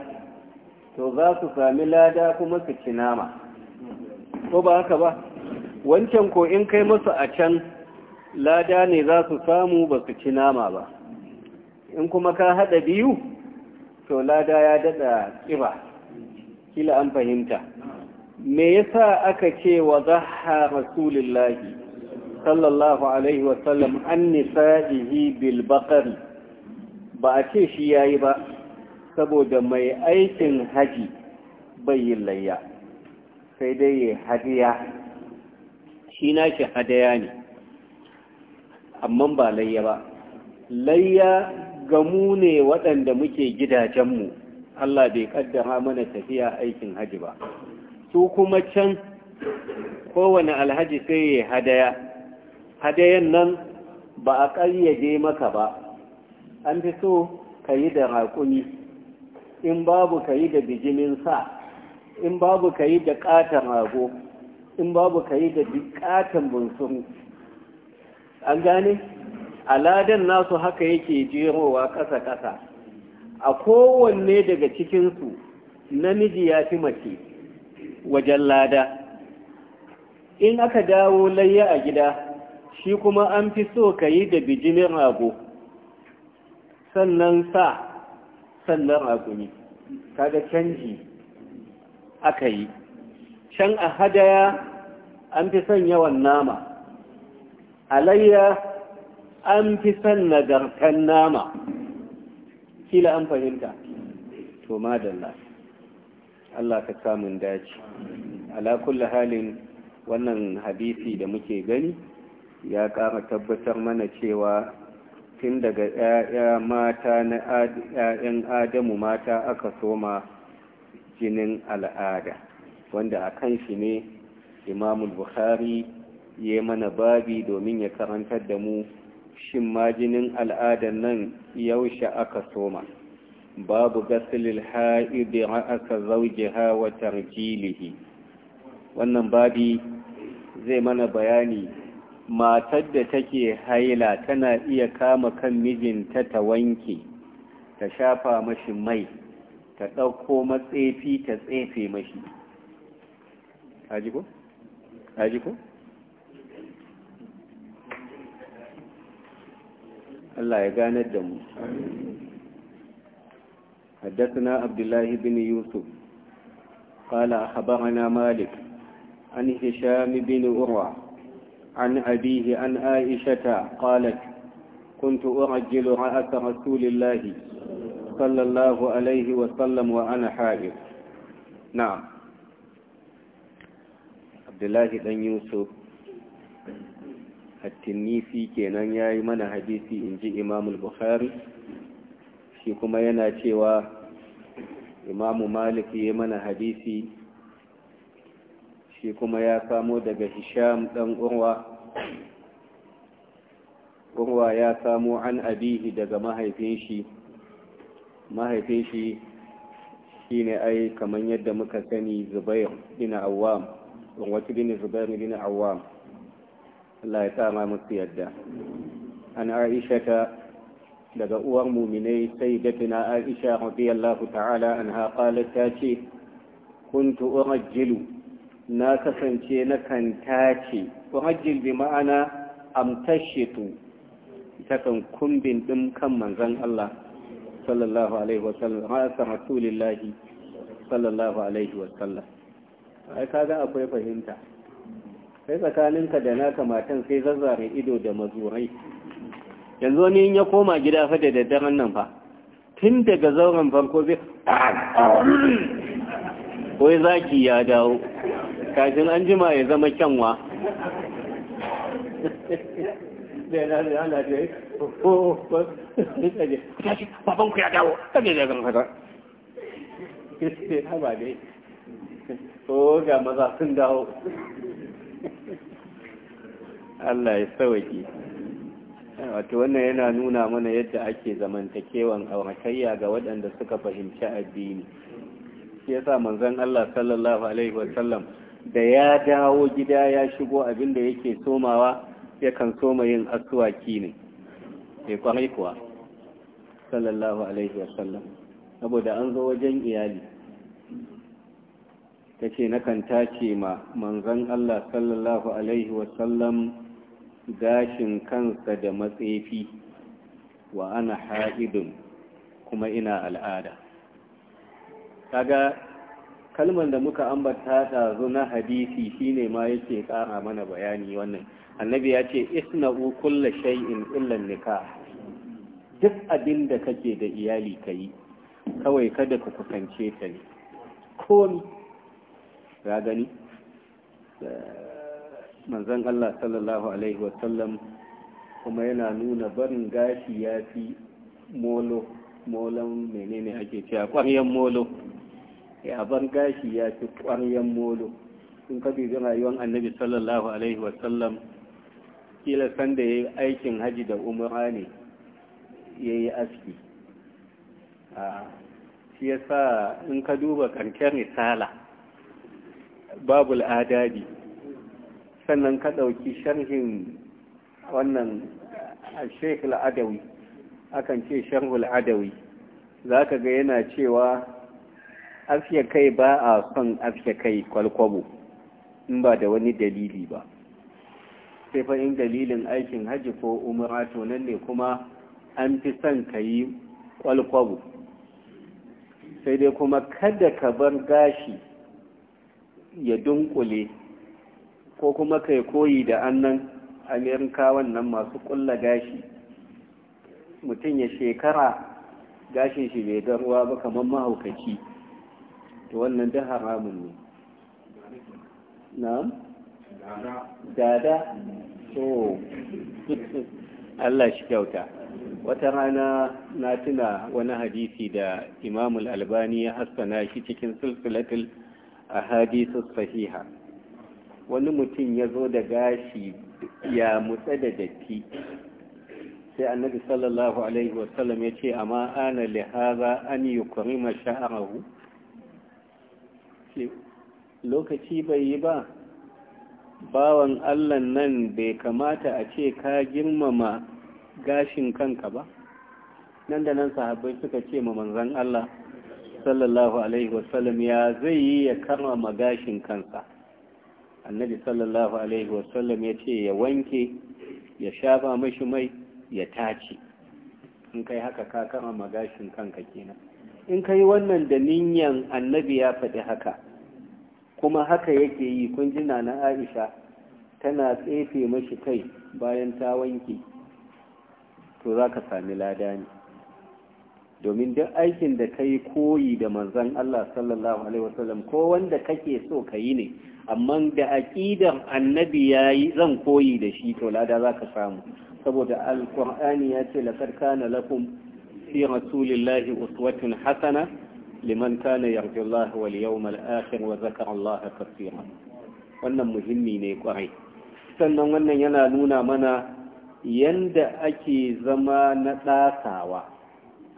to za su sami lada kuma su ci nama ko ba haka ba wancan ko in kai masu a can lada ne za su samu ba su ci nama ba in kuma ka haɗa biyu to lada ya dada ƙiba kila an fahimta me yasa aka ce wa zaha rasulullahi sallallahu alaihi wasallam an nisa'ihi bil baqari ba a ce shi ya ba saboda mai aikin haji bai yi layya sai dai ya hadiya shi na shi hadaya ne amma ba layya ba layya gamu ne waɗanda muke gidajenmu Allah bai ƙaddara mana tafiya aikin haji ba su kuma can kowane alhaji sai ya hadaya hadayan nan ba a ƙayyade maka ba an fi so ka yi da raƙumi in babu ka yi da bijimin sa in babu ka yi da ƙaton rago in babu ka yi da ƙaton bunsun an gane aladen nasu haka yake jerowa ƙasa-ƙasa a kowanne daga cikinsu namiji ya fi mace wajen lada in aka dawo layya a gida shi kuma an fi so ka yi da bijimin rago sannan sa sannan raƙumi kaga canji aka yi can a hadaya an fi son yawan nama alayya an fi son nagartan nama kila an fahimta to madalla Allah ka samun dace ala halin wannan hadisi da muke gani ya ƙara tabbatar mana cewa tun daga ‘ya'ya mata na ‘ya'yan adamu mata aka soma jinin al'ada wanda a kan shi ne imamul buhari ya mana babi domin ya karantar da mu shin ma jinin al'adar nan yaushe aka soma babu gasilil ha'idi aka zauje hawa tarjilihi wannan babi zai mana bayani matar da take haila tana iya kama kan mijinta ta wanke ta shafa mashi mai ta ɗauko matsefi ta tsefe mashi ajiko? ajiko? Allah ya ganar da mu حدثنا abdullahi bin yusuf qala قال malik an hisham bin urwa عن أبيه عن عائشة قالت كنت أعجل رأس رسول الله صلى الله عليه وسلم وأنا حائض نعم عبد الله بن يوسف التنيسي kenan ya yi mana hadisi in ji imamul bukhari shi kuma yana cewa imamu malik ya mana hadisi shi kuma ya samo daga hisham ɗan urwa urwa ya samo an abihi daga mahaifin shi mahaifin shi shi ne ai kamar yadda muka sani zubair bin awam wata bin zubair bin awam Allah ya tsama musu yadda an aisha ta daga uwar muminai sai datina aisha radiyallahu ta'ala anha qalat ta ce kuntu urajjilu na kasance na kan tace tuhajjil bi ma'ana amtashitu ta kan kumbin ɗin kan manzan Allah sallallahu alaihi wa ha hasa rasulillahi sallallahu alaihi wa sallam ai kaga akwai fahimta sai tsakaninka da naka matan sai zazzare ido da mazurai yanzu wani ya koma gida fa da daddaren nan fa tun daga zauren farko zai ko zaki ya dawo kashin an jima ya zama kyanwa oh, oh, oh. ya (laughs) ga maza sun dawo Allah ya sauki wato wannan yana nuna mana yadda ake zamantakewan aurakayya ga waɗanda suka fahimci addini shi yasa manzon Allah sallallahu alaihi wasallam da ya dawo gida ya shigo abin da yake somawa yakan soma yin asuwaki ne ya eh, kwarai kuwa sallallahu alaihi wasallam saboda an zo wajen iyali ta ce na nakan tace ma manzan Allah sallallahu alaihi wasallam gashin kansa da matsefi wa ana ha'idun kuma ina al'ada kaga kalmar da muka ambata ta zo na hadisi shine ma yake kara mana bayani wannan annabi ya ce isna'u kullu shay'in illa nikah duk abin da kake da iyali kai kawai kada ka kusance ta ne komi ya gani manzon Allah sallallahu alaihi wa sallam kuma yana nuna barin gashi ya fi molo molon menene ake cewa kwaryan molo yaban gashi ya fi ƙwaryen molo in ka dubi rayuwar annabi sallallahu alaihi wasallam kila sanda ya yi aikin hajji da umara ne ya yi aski shi ya sa in ka duba kankan risala babu adadi sannan ka ɗauki sharhin wannan shekul adawi akan ce sharhul adawi za ka ga yana cewa afiya kai ba a son afiya kai kwalkwabo in ba da wani dalili ba sai fa in dalilin aikin hajji ko umara to nan ne kuma an fi son ka yi kwalkwabo sai dai kuma kada ka bar gashi ya dunkule ko kuma kai koyi da annan amerikawan nan masu kulla gashi mutum ya shekara gashin shi bai ruwa ba kamar mahaukaci to wannan da haramun ne na'am dada to Allah shi kyauta wata rana na tuna wani hadisi da imamul albani ya hassana shi cikin silsilatul a hadisu sahiha wani mutum ya zo da gashi ya mutsa da datti sai annabi sallallahu alaihi wasallam ya ce amma ana lihaza an yi kurima sha'arahu ce lokaci bai yi ba bawan allah nan bai kamata a ce ka girmama gashin kanka ba nan da nan sahabbai suka ce ma manzan allah sallallahu alaihi wasallam ya zai yi ya karrama gashin kansa annabi sallallahu alaihi wasallam ya ce ya wanke ya shafa mashi mai ya tace in kai haka ka karrama gashin kanka kenan in kai wannan da niyan annabi ya faɗi haka kuma haka yake yi kun jina na aisha tana tsefe mashi kai bayan ta wanke to za ka sami lada ne domin duk aikin da ka yi koyi da manzan Allah sallallahu Alaihi wasallam ko wanda kake so ka yi ne amma da aƙidar annabi ya yi zan koyi da shi to lada za ka samu saboda alkur'ani ya ce laƙarƙa na lakum fi rasulillahi uswatun hasana liman kana yarju Allah wal yawmal akhir wa zakara Allah kaseera wannan muhimmi ne kwarai sannan wannan yana nuna mana yanda ake zama na ɗasawa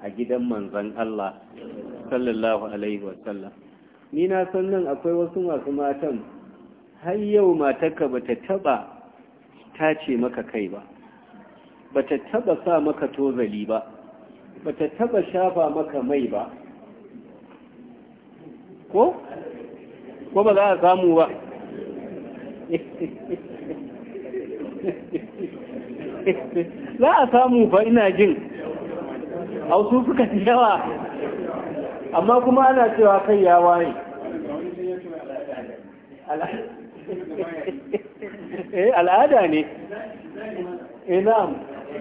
a gidan manzan Allah sallallahu alaihi sallam. ni na san nan akwai wasu masu matan har yau matarka bata taba tace maka kai ba bata taba sa maka tozali ba bata taba shafa maka mai ba ko ko ba za a samu ba (laughs) za a samu ba ina jin hausu suka yawa amma kuma ana cewa kai ya waye (laughs) eh, al'ada ne Ina. Eh,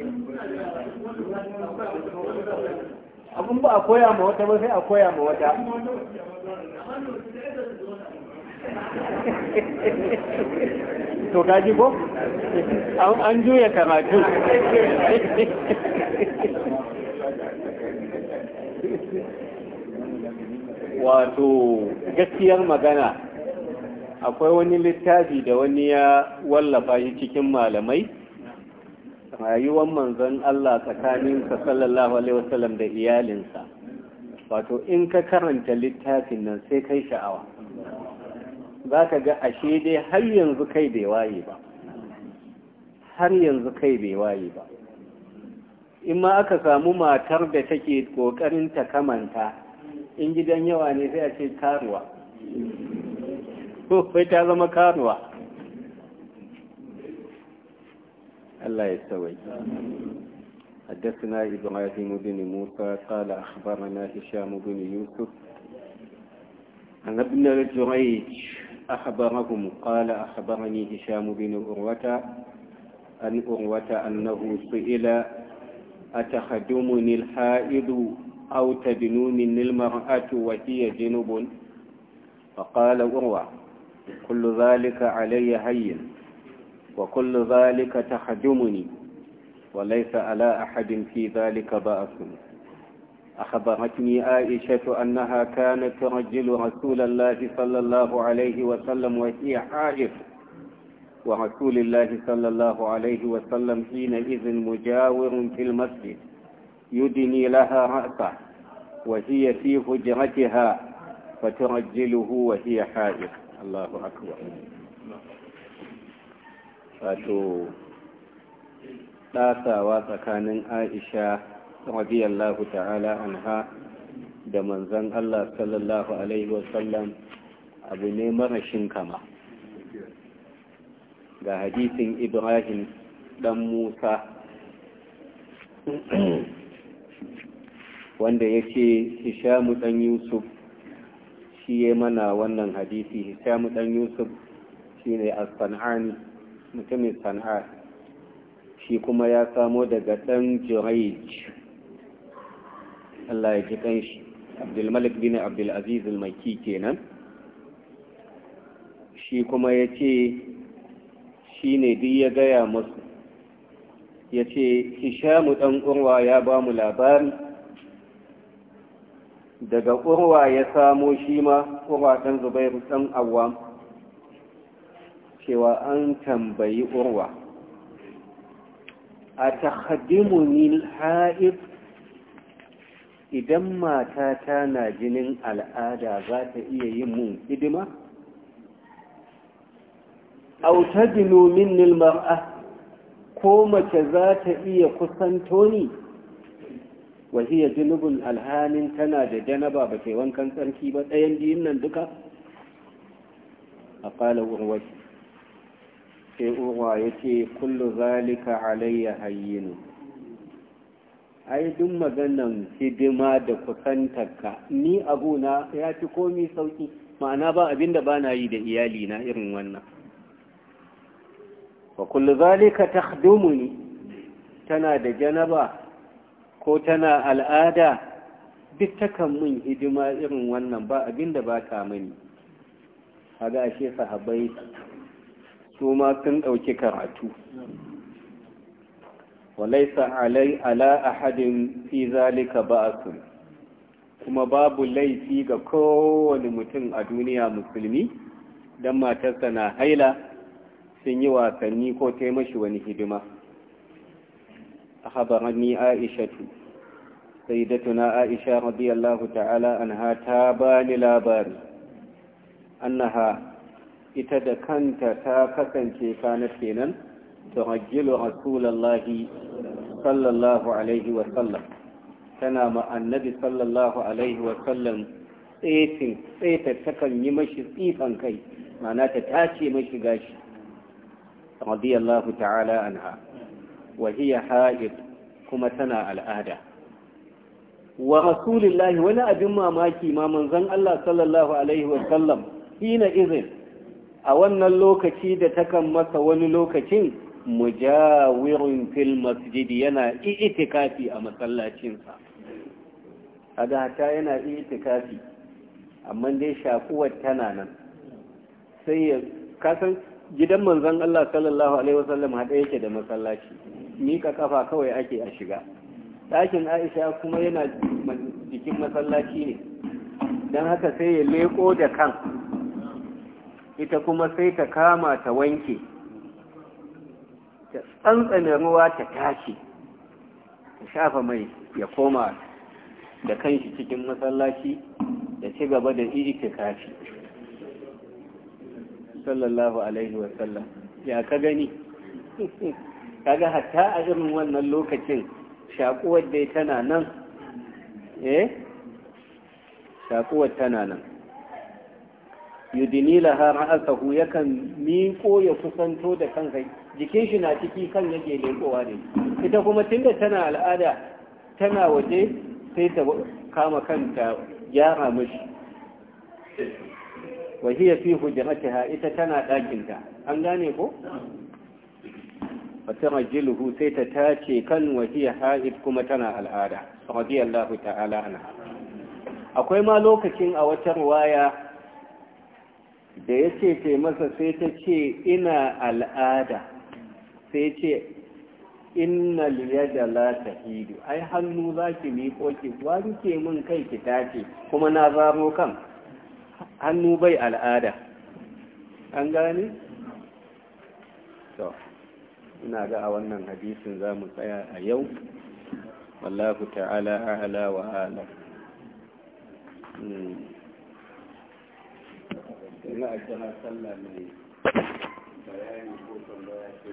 abin ba a koya ma wata ba sai a koya ma wata (laughs) to kaji ko an juya karatu (laughs) wato gaskiyar magana akwai wani littafi da wani ya wallafa shi cikin malamai rayuwar manzon Allah tsakaninsa sallallahu alaihi wasallam da iyalinsa wato in ka karanta littafin nan sai kai sha'awa za ka ga ashe dai har yanzu kai bai waye ba har yanzu kai bai waye ba in ma aka samu matar da take kokarin ta kamanta in gidan yawa ne sai a ce karuwa (laughs) ko ta zama karuwa ألا يستوي حدثنا إبراهيم بن موسى قال أخبرنا هشام بن يوسف أن ابن الجريج أخبرهم قال أخبرني هشام بن أروة أن أروة أنه سئل أتخدمني الحائض أو تدنونني المرأة وهي جنب فقال أروة كل ذلك علي هين وكل ذلك تحجمني وليس على أحد في ذلك بأس أخبرتني عائشة أنها كانت ترجل رسول الله صلى الله عليه وسلم وهي حائف ورسول الله صلى الله عليه وسلم حينئذ مجاور في المسجد يدني لها رأسه وهي في حجرتها فترجله وهي حائف الله أكبر wato ɗasawa tsakanin aisha radiyallahu ta'ala anha da manzan Allah sallallahu Alaihi wasallam abu ne marashin kama ga hadisin ibrahim dan musa (clears throat) wanda ya ce hishamu dan yusuf shi ya mana wannan hadisi hishamu dan yusuf shi ne asfan'ani mutumin sana'a shi kuma ya samo daga ɗan jiraij Allah ya ji ƙanshi abdulmalik bin abdulaziz al-maki kenan shi kuma ya ce shi ne duk ya gaya musu ya ce hishamu ɗan urwa ya ba mu labari daga urwa ya samo shi ma urwa ɗan zubairu ɗan awam cewa an tambayi urwa a takhaddimunil ha'ib idan matata na jinin al'ada za ta iya yin mun hidima au tajnu minnil ko mace za ta iya kusanto ni wahiyya junubun alhanin tana da janaba ba ke wankan tsarki ba ɗayan biyun nan duka a ƙalar urwaki sai Uwa ya ce kullu zalika alayya hayyinu ai duk maganan hidima da kusantarka ni abuna ya fi komi sauki ma'ana ba abin da ba yi da iyali na irin wannan wa kullu zalika takhdumuni tana da janaba ko tana al'ada duk takan mun hidima irin wannan ba abin da ba ta mani kaga ashe sahabbai su ma sun ɗauki karatu walaisa alai ala ahadin fi zalika ba'asun kuma babu laifi ga kowane mutum a duniya musulmi don matarsa na haila sun yi wasanni ko taimashi wani hidima a habarani aishatu sai da tuna aisha radiyallahu ta'ala an ha ta bani labari annaha ita da kanta ta kasance kanar kenan turajjilu rasulallahi sallallahu alaihi wasallam tana ma sallallahu alaihi wasallam tsetin tseta takan yi mashi tsifan kai mana ta tace mashi gashi radiyallahu ta'ala anha wa hiya ha'id kuma tana al'ada wa rasulillahi wani abin mamaki ma manzon Allah sallallahu alaihi wasallam hina izin a wannan lokaci da takan masa wani lokacin mujawirin fil masjidi yana itikafi a masallacinsa a ta yana itikafi amma dai shakuwar tana nan sai ya kasan gidan manzon Allah sallallahu alaihi wasallam hada yake da masallaci mika kafa kawai ake a shiga ɗakin Aisha kuma yana jikin masallaci ne don haka sai ya leko da kan ita kuma sai ta kama ta wanke ta tsantsana ruwa ta tashi ta shafa mai ya koma da kanshi cikin masallaci da ci gaba da iri kashi sallallahu alaihi wasallam ya ka gani (laughs) kaga hatta a irin wannan lokacin shakuwar dai tana nan eh shakuwar tana nan yudini laha ra'asahu yakan miƙo ya kusanto da kansa jikin shi na ciki kan yake lekowa ne ita kuma tunda tana al'ada tana waje sai ta kama kanta gyara mishi wa hiya fi hujratiha ita tana ɗakinta an gane ko fatarajjiluhu sai ta tace kan hiya haid kuma tana al'ada radiyallahu ta'ala anha akwai ma lokacin a wata ruwaya da ya ce ce masa sai ta ce ina al'ada sai ce inna liyada la hidu. ai hannu za ki miƙo ki wa min kai ki tace kuma na zaro kan hannu bai al'ada an gane? ina ga a wannan hadisin za mu tsaya a yau wallahu ta'ala ala wa ala hmm. ina kira sallah mai bayani ko tambaya ce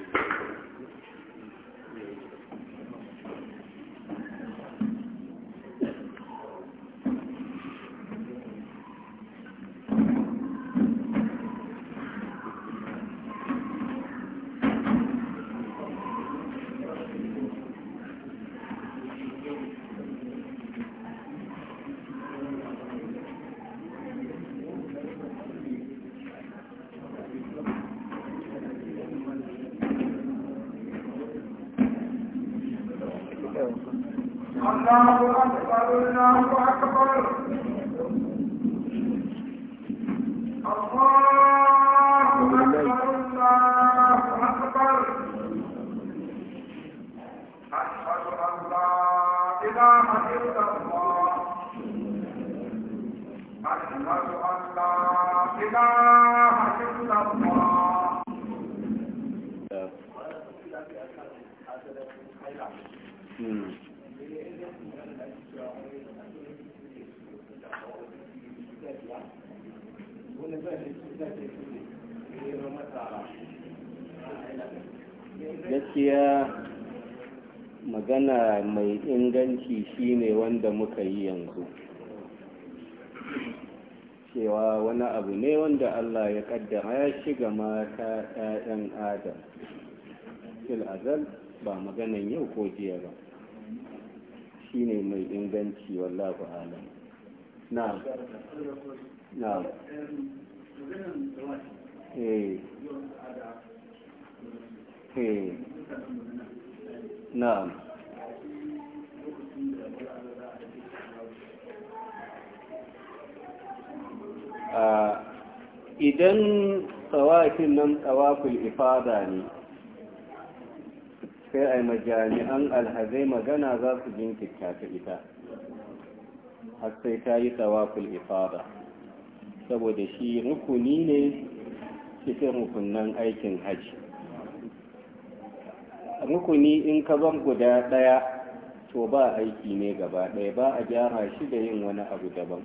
gaskiya magana mai inganci shine wanda muka yi yanzu cewa wani abu ne wanda Allah ya kaddama ya shiga mata 'ya'yan adam fil azal ba maganan yau ko jiya ba shine mai inganci wallahu alam na na إيه إيه نعم idan tsawakin nan tsawakul ifada ne sai a majami'an alhazai magana za su jinkirta ta ita har sai ta yi tsawakul ifada saboda shi rukuni ne cikin rukunan aikin hajji rukuni in ka bar guda ɗaya to ba aiki ne gaba ɗaya ba a gyara shi da yin wani abu daban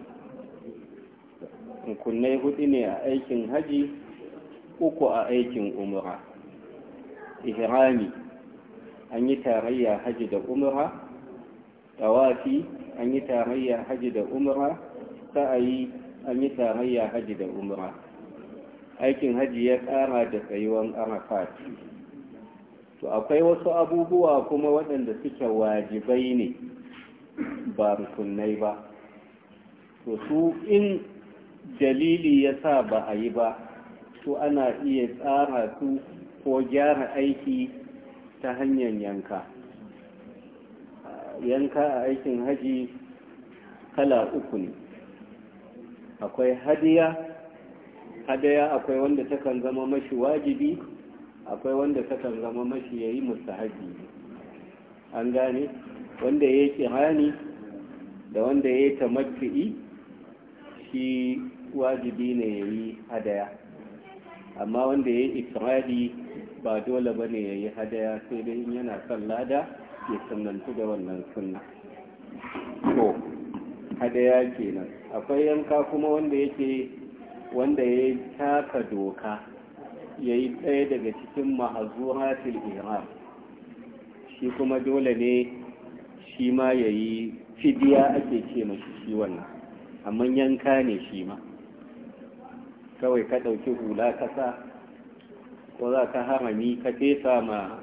rukunai hudu ne a aikin hajji uku a aikin umura ihrami an yi tarayya hajji da umra tawafi an yi tarayya hajji da umra sa'ayi an yi tarayya haji da umra aikin haji ya kara da tsayuwan arafat to akwai wasu abubuwa kuma waɗanda suke wajibai ne ba rukunai ba to su in dalili ya sa ba a yi ba su ana iya tsara su ko gyara aiki ta hanyar yanka yanka a aikin haji kala uku ne akwai hadiya hadaya akwai wanda takan zama mashi wajibi akwai wanda takan zama mashi yayi mustahabi an gane wanda yake hani da wanda ya tamattu'i shi wajibi ne yayi hadaya amma wanda ya ifradi ba dole ba ne ya yi hadaya sai dai in yana son lada ya sanantu da wannan sunna to hadaya kenan akwai yanka kuma wanda yake wanda ya taka doka ya yi ɗaya daga cikin mahazuratul iran shi kuma dole ne shi ma ya yi fidiya ake ce mashi shi wannan amma yanka ne shi ma kawai ka ɗauki hula kasa ko za ka harami ka fesa ma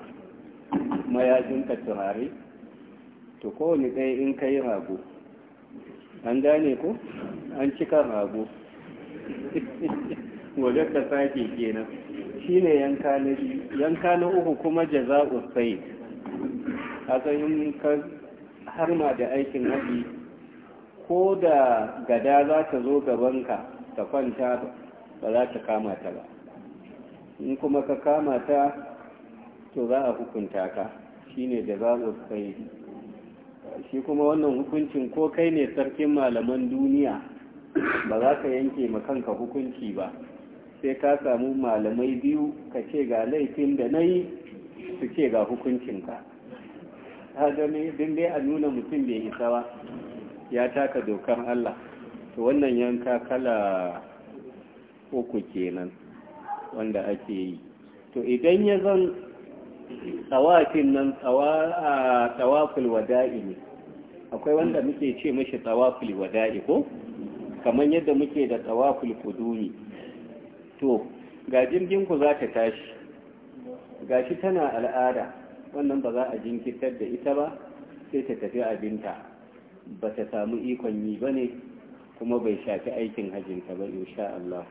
mayafinka turare to kowane ɗaya in ka yi rago an gane ko an cika rago wajen da sake kenan shi ne yanka na yanka na uku kuma jaza'u sai a tsayin harma da aikin haɗi ko da gada za ta zo gabanka ta kwanta ba za ta kama ta ba in kuma ka kama ta to za a hukunta ka shi ne jaza'u sai shi kuma wannan hukuncin ko kai ne sarkin malaman duniya ba za ka yanke makanka kanka hukunci ba sai ka samu malamai biyu ka ce ga laifin da na yi su ce ga hukuncinka ta gane din dai a nuna mutum bai isa ba ya taka dokar Allah to wannan yanka kala uku kenan wanda ake yi to idan ya zan tsawafin nan tsawaful wada'i ne akwai wanda hmm. muke ce mashi tsawaful wada'i ko kamar yadda muke da tsawaful kudumi to ga jirgin ku za ta tashi gashi tana al'ada wannan ba za a jinkitar da ita ba sai ta tafi abinta ba ta samu ikon yi ba ne kuma bai shafi aikin hajjinta ba insha Allah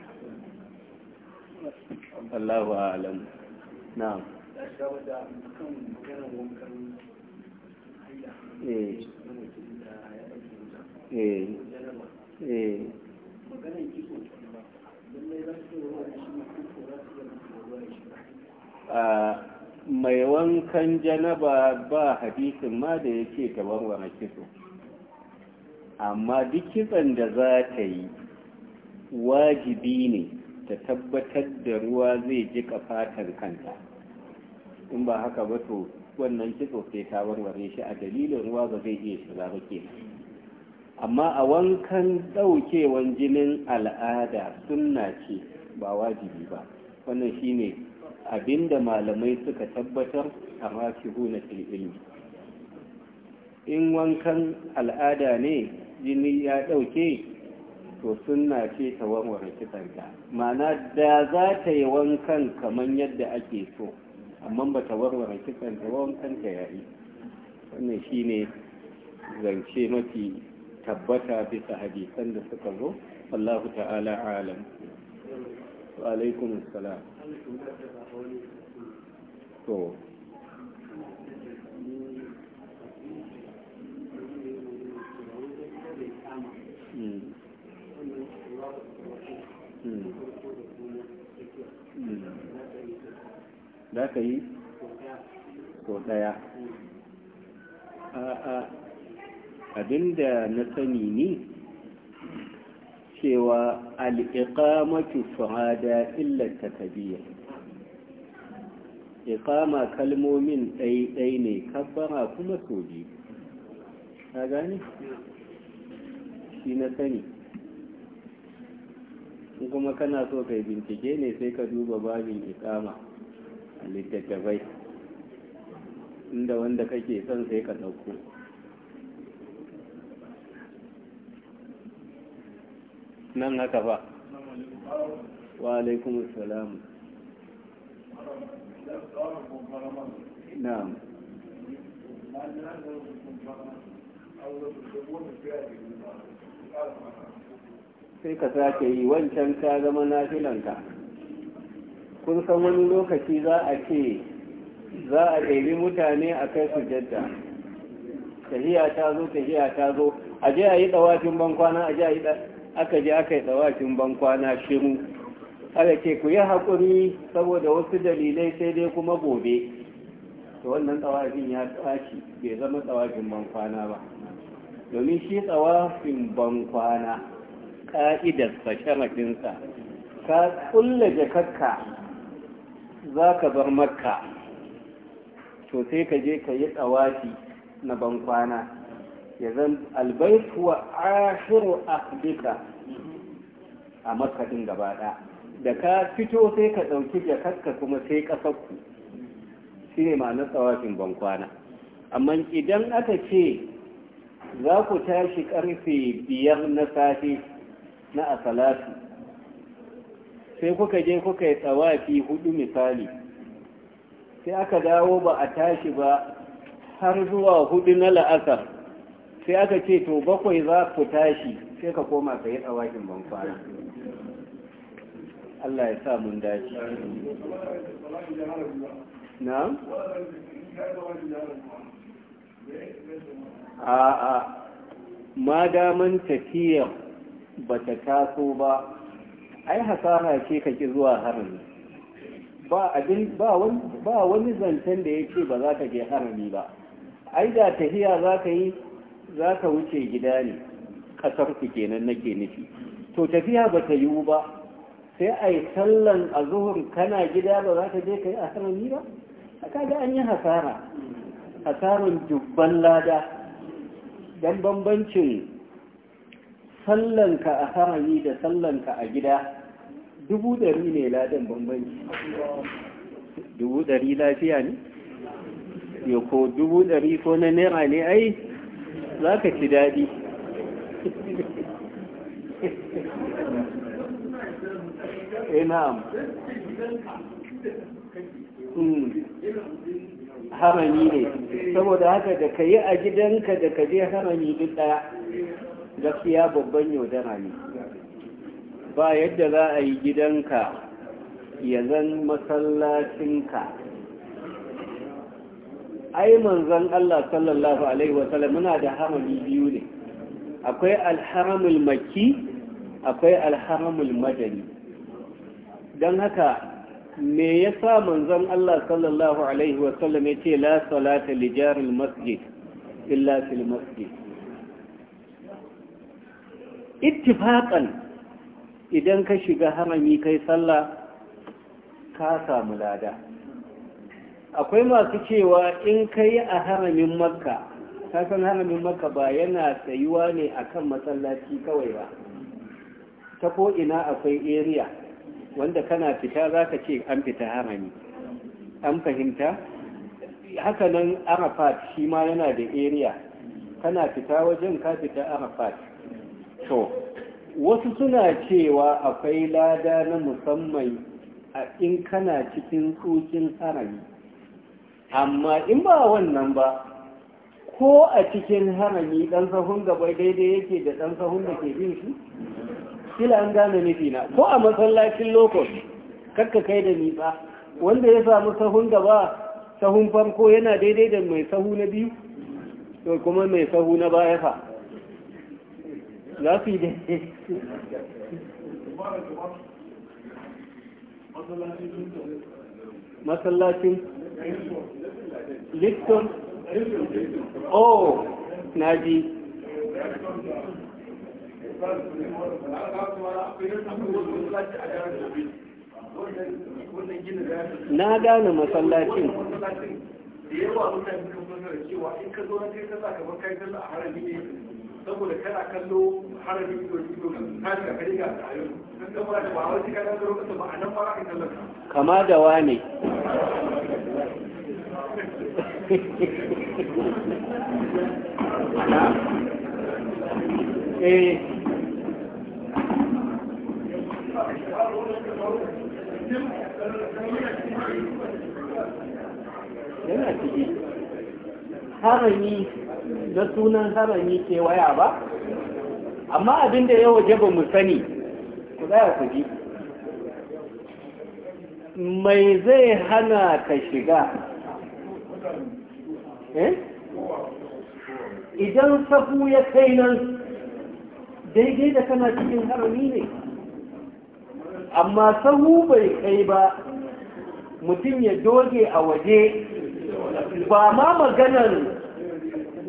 Allahu a'lam na'am Eh. Eh. Eh. mai wankan janaba ba hadisin ma da yake ta warware kitso amma duk kitson da za ta yi wajibi ne ta tabbatar da ruwa zai jika fatan kanta in ba haka ba to wannan kitso sai ta warware shi a dalilin ruwa ba zai iya shiga ba ke amma a wankan ɗaukewan jinin al'ada sunna ce ba wajibi ba wannan shine abinda malamai suka tabbatar a mafihu na ilmi in wankan al'ada ne jini ya ɗauke to sunna ce ta warware kitanta ma'ana da za ta yi wankan kamar yadda ake so amma ba ta warware kitsan ta wankan ta yayi wannan shi ne zance mafi tabbata bisa hadisan da suka zo allahu ta'ala alam wa alaikum assalam to Mm-hmm. za ka yi ko ɗaya a'a abinda na sani ni cewa al'iƙamatu da illata kabiya iƙama kalmomin ɗaiɗai ne kafara kuma soji ta gani? shi na sani kuma kana so kai bincike ne sai ka duba babin iƙama littattafai inda wanda kake son sai ka ɗauko nan haka ba wa alaikum salam na'am sai ka sake yi wancan ka zama nafilanka kun san wani lokaci za a ce za a ɗabi mutane a kai su jadda tahiya ta zo tahiya ta zo a je a yi ɗawafin bankwana a je a yi aka je aka yi ɗawafin bankwana shiru aka ce ku yi haƙuri saboda wasu dalilai sai dai kuma gobe to wannan ɗawafin ya tsaci bai zama ɗawafin bankwana ba domin shi tsawafin bankwana ƙa'idarsa sharafinsa ka kulle jakarka za ka bar makka to sai ka je ka yi tsawafi na bankwana ya zan albait wa ashiru a makka din gaba da ka fito sai ka ɗauki jakarka kuma sai ƙasarku shi ne ma na tsawafin bankwana amma idan aka ce za ku tashi ƙarfe biyar na safe na asalatu sai kuka je kuka yi tsawafi hudu misali sai aka dawo ba a tashi ba har zuwa hudu na la'asar sai aka ce to bakwai za ku tashi sai ka koma ka yi tsawafin banfana Allah ya sa mun dace na? a'a ma daman tafiyar ba ta taso ba ai hasara ce ka ki zuwa harami ba abin ba wani ba wani zancen da yake ba za ka je harami ba ai da tahiya za ka yi za ka wuce gida ne kasar ku kenan nake nufi to tafiya ba ta yiwu ba sai a sallan a zuhur kana gida ba za ka je ka yi a harami ba a ga an yi hasara hasarun dubban lada dan bambancin sallanka a harami da sallanka a gida dubu ɗari ne ladan bambanci dubu ɗari lafiya ne ya ko dubu ɗari ko na naira ne ai za ka ci daɗi eh, na'am hmm. harami ne saboda haka da ka yi a gidanka da ka je harami duk ɗaya gaskiya babban yaudara ne ba yadda za a yi gidanka ya zan masallacinka ai manzan Allah sallallahu Alaihi wasallam muna da harami biyu ne akwai alharamul maki akwai alharamul madani don haka me ya sa manzan Allah sallallahu Alaihi wasallam ya ce la salata lijaril masjid illa fil masjid ittifaqan idan ka shiga harami kai sallah ka samu lada akwai masu cewa in ka yi a haramin makka kasan haramin makka ba yana sayuwa ne akan masallaci kawai ba ta ko'ina akwai area wanda kana fita za ka ce an fita harami an fahimta hakanan arafat shi ma yana da area kana fita wajen ka fita arafat to wasu suna cewa akwai lada na musamman a in kana cikin tsokin harami amma in ba wannan ba ko a cikin harami dan sahun gaba daidai yake da dan sahun da ke bin shi kila an gane nufina ko a masallacin lokos kakka kai da ni ba, wanda ya samu sahun gaba sahun farko yana daidai da mai sahu na biyu to kuma mai sahu na baya fa za su masallacin Lipton oh na ji na gane masallacin yawa mutane cewa in ka zo na kai ka sa kamar kai ka a saboda kana kallo kama da wane eh yana ciki harami da sunan harami ke waya ba amma abin da ya waje ba mu sani ku tsaya ku ji mai zai hana ka shiga eh? idan safu ya kai nan daidai da kana cikin harami ne amma sahu bai kai ba mutum ya doge a waje ba ma maganar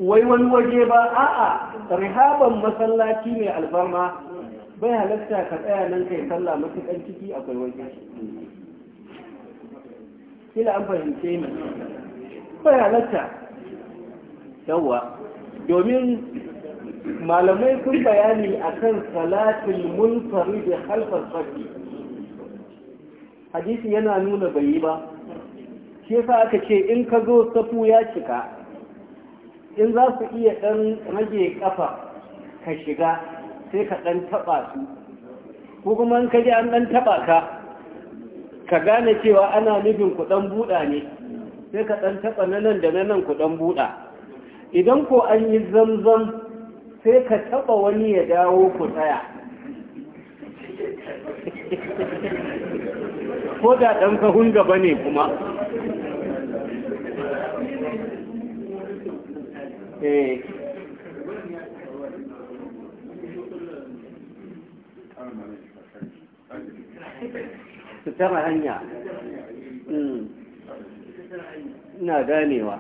wai wani waje ba a'a rihaban masallaci mai alfarma bai halatta ka tsaya nan kai sallah matukan ciki akwai waje kila an fahimce ni bai halatta yawa domin malamai sun bayani akan salatul munfari da halfar hadisi yana nuna bai yi ba shi yasa aka ce in ka zo safu ya cika in za su iya ɗan rage ƙafa ka shiga sai ka ɗan taɓa su ko kuma ka ji an ɗan taɓa ka ka gane cewa ana nufin ku ɗan buɗa ne sai ka ɗan taɓa na nan da na nan ku ɗan buɗa idan ko an yi zamzam sai ka taɓa wani ya dawo ku tsaya ko da ɗan kahun gaba ne kuma eh su tara hanya hmm. ina ganewa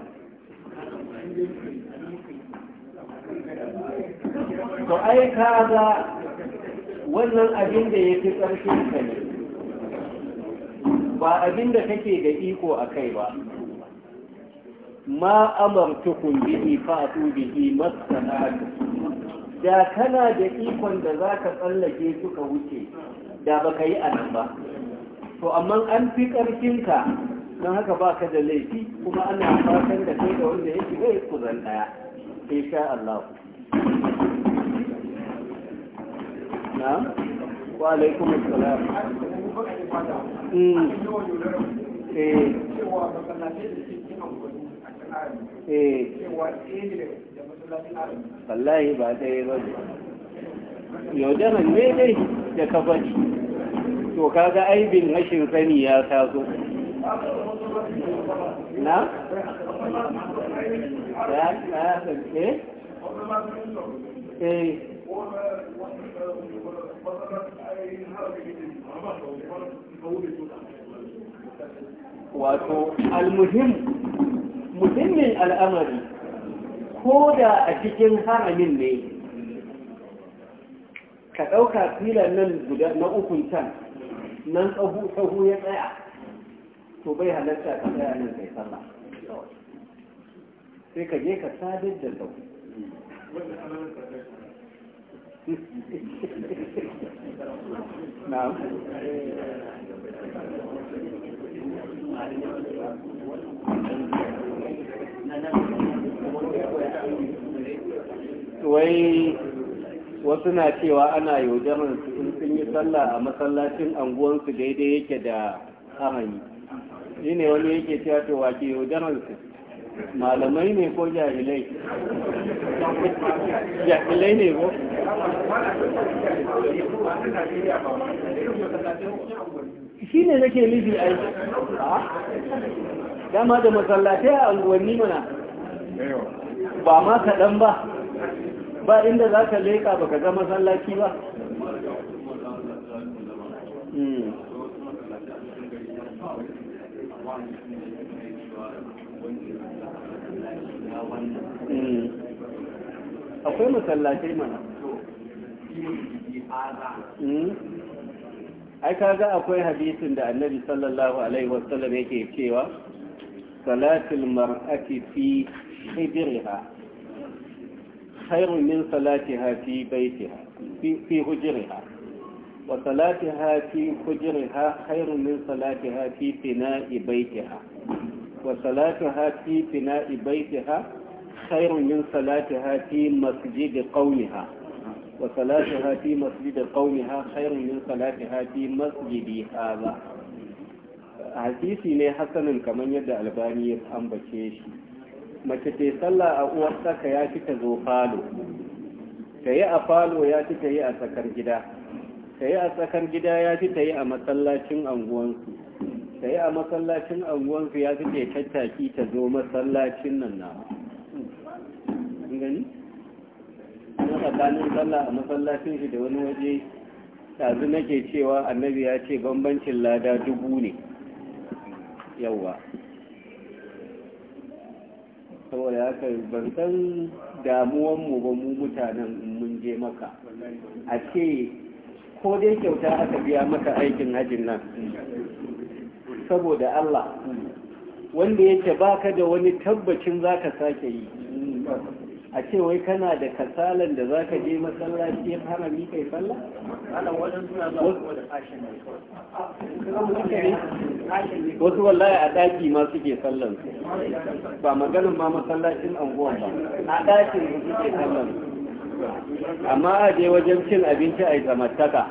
to ai kaga wannan abin da ya fi ƙarfin ka ne ba abin da kake da iko a kai ba ma amartukum bihi fa'tu bihi mastana'tu da kana da ikon da zaka tsallake suka wuce da baka yi anan ba to amma an fi ka don haka baka da laifi kuma ana fatan da kai da wanda yake bai kuzan daya insha Allah na'am wa alaikum assalam eh والله بعدي رجع يوجد ميدي يكفج وكذا أي بن غشر يا ساسو نعم لا ايه ايه المهم muhimmin al'amari ko da a cikin haramin ne ka ɗauka filan nan guda na ukun can nan tsahu ya tsaya to bai halarta ka tsaya nan kai sallah sai ka je ka sadar da tsahu Thank wai wasu na cewa ana yaudarar su in sun yi sallah a masallacin anguwansu daidai yake da ahani shi ne wani yake cewa to wa ke yaudarar su malamai ne ko jahilai jahilai ne ko shi ne nake nufi aiki dama da masallatai a unguwanni mana ba ma kaɗan ba ba inda za ka leƙa ba ka ga masallaci ba hmm. Hmm. akwai masallatai mana hmm. ai kaga akwai hadisin da annabi sallallahu alaihi wasallam yake cewa صلاة المرأة في حجرها خير من صلاتها في بيتها في, في هجرها وصلاتها في حجرها خير من صلاتها في فناء بيتها وصلاتها في فناء بيتها خير من صلاتها في مسجد قومها وصلاتها في مسجد قومها خير من صلاتها في مسجد هذا hadisi ne hasanin kamar yadda albani ya ambace shi mace ce sallah a uwar saka ya fi ta zo falo ta yi a falo ya fi ta yi a tsakar gida ta yi a tsakar gida ya fi ta yi a masallacin anguwansu ta yi a masallacin anguwansu ya fi ta tattaki ta zo masallacin nan na gani? na tsakanin sallah a masallacin shi da wani waje ɗazu nake cewa annabi ya ce bambancin lada dubu ne yauwa saboda ya kai ban san mu ba mu mutanen mun je maka a ce ko dai kyauta aka biya maka aikin hajjin nan saboda Allah wanda yake baka da wani tabbacin zaka sake yi a ce wai kana da kasalan da za ka je masallaci ya fara mi kai falla? wasu wallahi a ɗaki ma suke sallan ba maganin ma masallacin anguwan ba a ɗakin suke sallan amma a je wajen cin abinci a yi zamantaka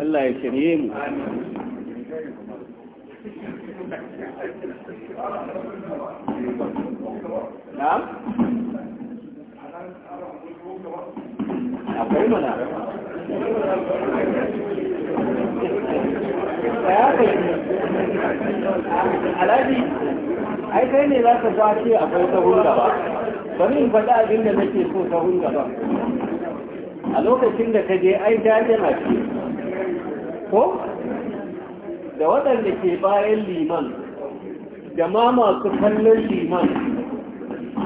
Allah ya shirye mu na'am akwai mana alhaji ai kai ne za ka za ce akwai sahun gaba bari in faɗi abin da nake so sahun gaba a lokacin da ka je ai dajana ce ko da waɗanda ke bayan liman da ma masu kallon liman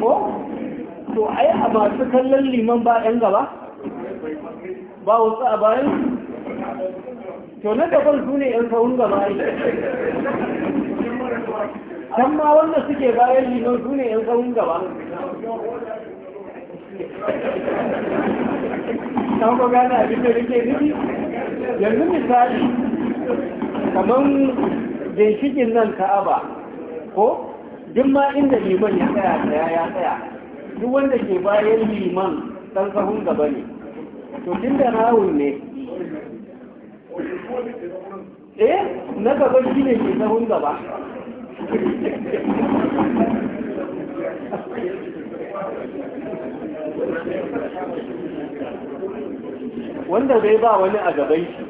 ko to ai a masu kallon liman ba ɗan gaba ba wasu a bayan to na gaban su ne ‘yan saurin gaba ai can ma wanda suke bayan liman su ne ‘yan saurin gaba ta ko gana abin da rike nufi yanzu misali kamar ginshikin nan ka'aba ko duk ma inda liman ya tsaya tsaya ya tsaya duk wanda ke bayan liman ɗan sahun gaba ne to tun da rawun ne eh na gaba shi ne ke sahun gaba wanda zai ba wani a gaban shi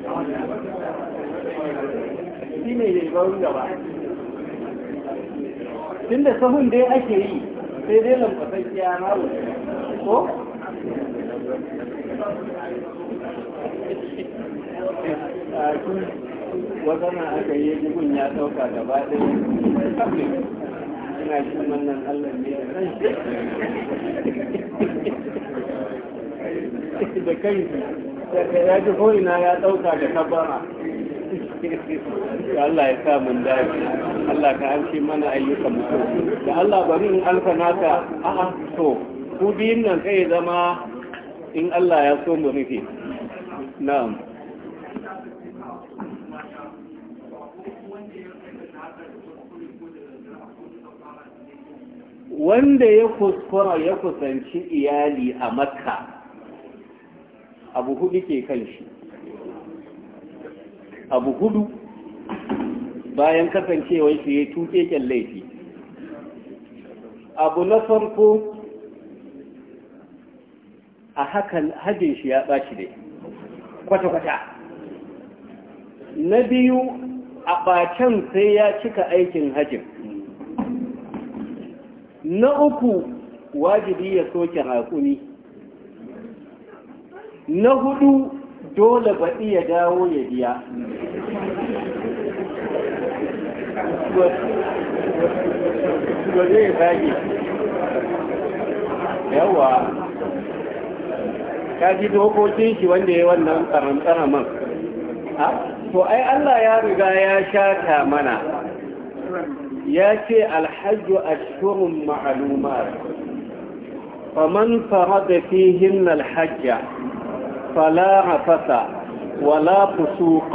shi ne ya yi sahun gaba tun da sahun dai ake yi sai dai lamfasashiya na wuce ko? wadana aka yi jigun ya sauka gaba ɗaya ina shi wannan allah ne da kai da ya ji ko ina ya ɗauka da kabara Allah ya sa mun dafi Allah ka amshi mana ayyukan mutum da Allah bari in alfa naka a'a to ku biyun nan kai zama in Allah ya so mu rufe na'am wanda ya kuskura ya kusanci iyali a makka abu hudu ke kan shi abu hudu bayan kasancewa shi ya tuke kyalle laifi abu na farko a hakan hajjin shi ya ɓaci dai kwata-kwata na biyu a ɓacen sai ya cika aikin hajjin na uku wajibi ya soke haƙuni na hudu dole ba iya dawo ya biya gwaje ya sage yawa ka ji dokokin shi wanda ya wannan tsaron tsaraman to ai Allah ya riga ya shata mana ya ce alhajju ashhurun ma'lumat faman farada fihinna alhajja فلا رفث ولا فسوق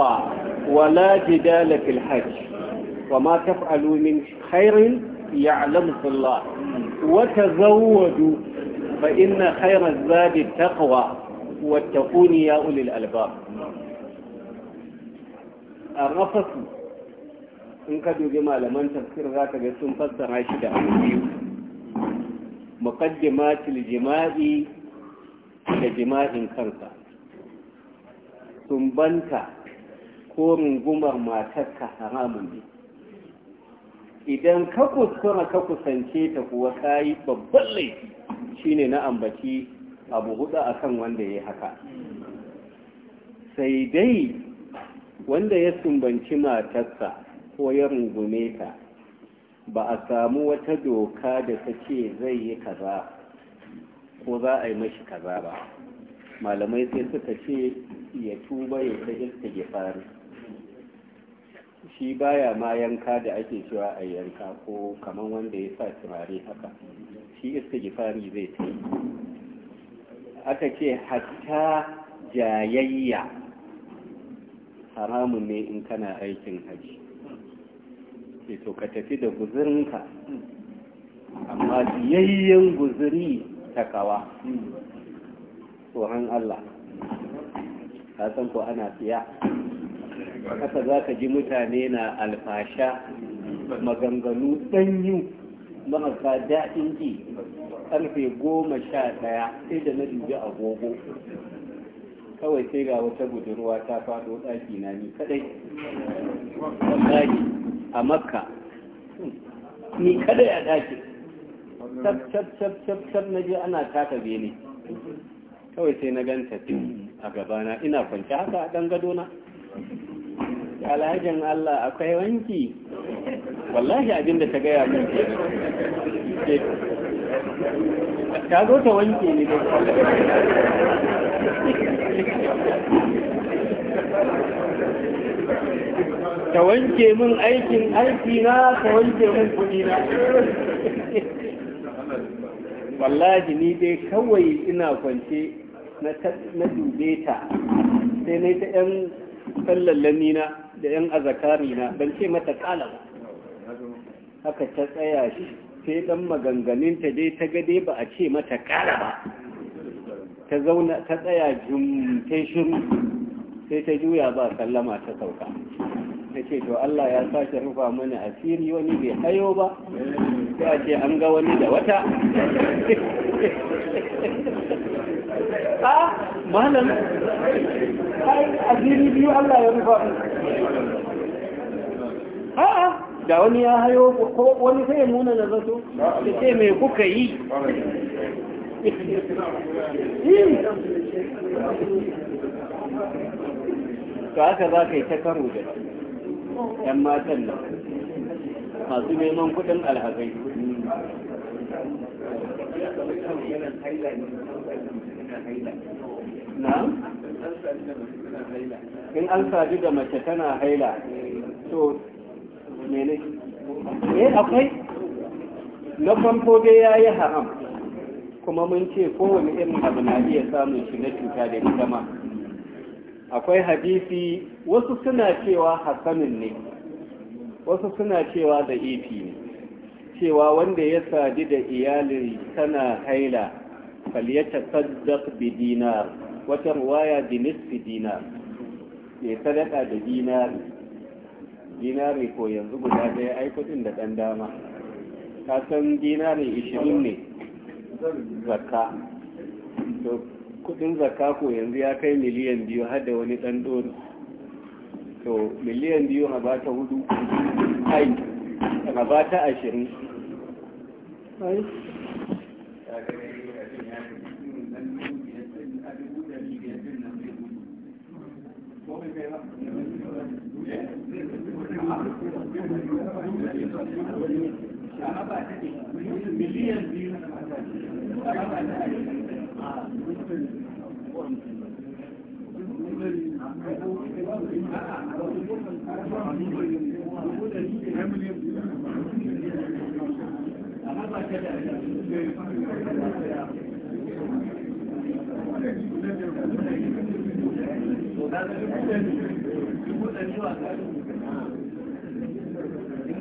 ولا جدال في الحج وما تفعلوا من خير يعلمه الله وتزودوا فإن خير الزاد التقوى واتقون يا أولي الألباب الرفث in ka dubi malaman tafsir za ka ga sun fassara shi da abu biyu muqaddimatul jima'i da jima'in kansa sumbanta ko rungumar matarka haramun ne idan ka kuskura ka kusance ta kuwa kayi babban laifi shine na ambaci abu hudu akan wanda ya haka sai dai wanda ya sumbanci matarsa ko ya rungume ta ba a samu wata doka da ta ce zai yi kaza ko za a yi mashi kaza ba malamai sai suka ce ya tuba ya ta ilta gefari shi baya ma yanka da ake cewa a yanka ko kamar wanda ya sa turare haka shi iska gifari zai ta aka ce hatta jayayya haramun ne in kana aikin haji ke to ka tafi da guzurinka amma biyayyen guzuri ta kawa tsohon Allah ka san ko ana siya haka za ka ji mutane na alfasha maganganu ɗanyu marasa daɗin ji ƙarfe goma sha ɗaya sai da na dubi agogo kawai sai ga wata budurwa ta faɗo ɗaki na ni kaɗai ɗaki a makka ni kaɗai a ɗaki cap cap cap cap cap na ji ana taka bene kawai sai na ganta a gabana ina kwanci haka a ɗan gadona alhajin Allah akwai wanki wallahi abinda ta gaya kan ta zo ta wanke ne da ta wanke min aikin aiki na ta wanke min kudi na wallahi ni dai kawai ina kwance na dube ta sai na ta yan sallallami da yan azakari na ban ce mata kala ba haka ta tsaya shi sai dan maganganinta dai ta ga ba a ce mata kala ba ta zauna ta tsaya jum sai ta juya ba sallama ta sauka ta ce to Allah ya sake rufa mana asiri wani bai hayo ba sai a ce an ga wani da wata a (laughs) ah, malam asiri biyu Allah ya rufa a da wani ya hayo ko wani sai ya nuna na zato ta ce mai kuka (laughs) yi to haka za ka yi ta karo da shi yan matan nan masu neman kudin alhazai in an sadu da mace tana haila to mene eh akwai na famfo dai ya yi haram kuma mun ce kowane irin abu na iya samun shi na cuta da ita akwai hadisi wasu suna cewa hasanin ne wasu suna cewa da ifi ne cewa wanda ya sadi da iyali tana haila faliyata saddaq bi dinar wata ruwaya bi dinar ya sadaka da dinari dinari ko yanzu guda daya ai kuɗin da dan dama ka san dinari 20 ne zakka kudin zakka ko yanzu ya kai miliyan biyu har da wani dan doni to miliyan biyu a ba ta hudu ai a ba ta ashirin ai miliyan biyu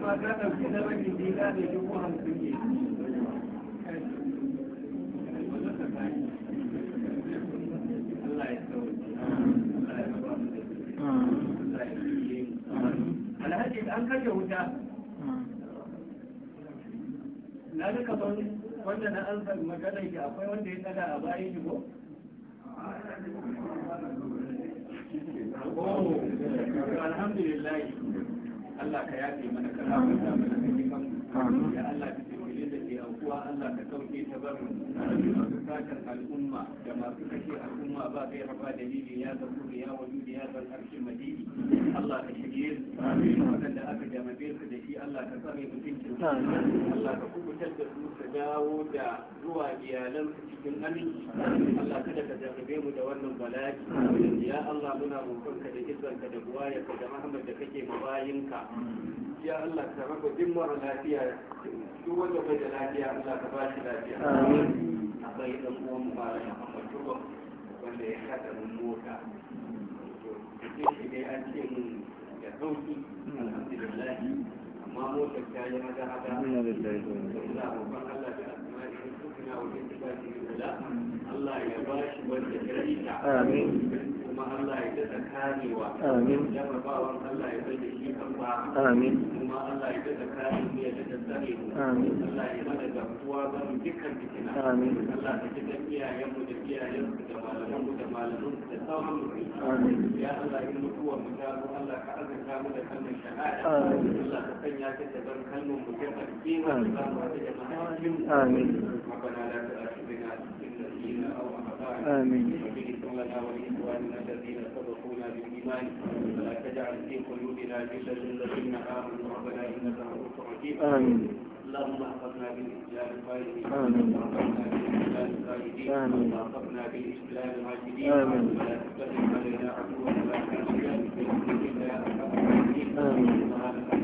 ما كان في زمن الدينار يجوها السجين wuta na ga kamar wanda na ansa magana ke akwai wanda ya tsada a bayan shi ko oh, alhamdulillah Allah ka yafe mana kana mun da mun da kan ya Allah annoba Allah ka sauke ta barin masu sakan al'umma da masu kashe al'umma ba zai raba dalili ya zaku ya waju da ya zan harshen madini Allah ka shige su waɗanda aka jamabe su da shi Allah ka tsare mutuncin Allah ka kubutar da su su dawo da zuwa iyalansu cikin aminci Allah kada ka jarabe mu da wannan bala'i ya Allah muna roƙonka da izzanka da buwayarka da Muhammad da kake mabayinka ya Allah ka raba duk mara lafiya duk wanda bai da lafiya Allah ka ba shi lafiya akwai dan uwan mu ba da Muhammad wanda ya hada mun mota to shi dai an ce mun ya sauki alhamdulillah amma motar ta yi Allah da Allah ya ba shi wanda ya rika amin kuma Allah ya daɗa karewa amin jarrabawan Allah ya bai da shi kan ba amin kuma Allah ya daɗa kare mu ya daɗa tsare mu amin Allah ya mana gamsuwa ga dukkan fitina amin Allah ya daɗa iyayen mu da iyayen mu da malaman mu da malaman mu da sauran mu amin ya Allah in mutuwa mu ta zo Allah ka azurta mu da kallon shahada amin Allah ka sanya ta da ban kalmar mu ta ƙarfi mu da mu da mahallin mu amin ربنا لا تؤاخذنا إن نسينا أو أخطأنا آمين وأن الذين سبقونا بالإيمان آمين آمين آمين قلوبنا غلا للذين آمنوا ربنا إنك رؤوف رحيم آمين اللهم احفظنا بالاسلام قائدين وارحمنا بالاسلام قائدين وارحمنا بالاسلام عاجلين ولا تفتح علينا عدوا ولا تعجل باسمك يا ارحم آمين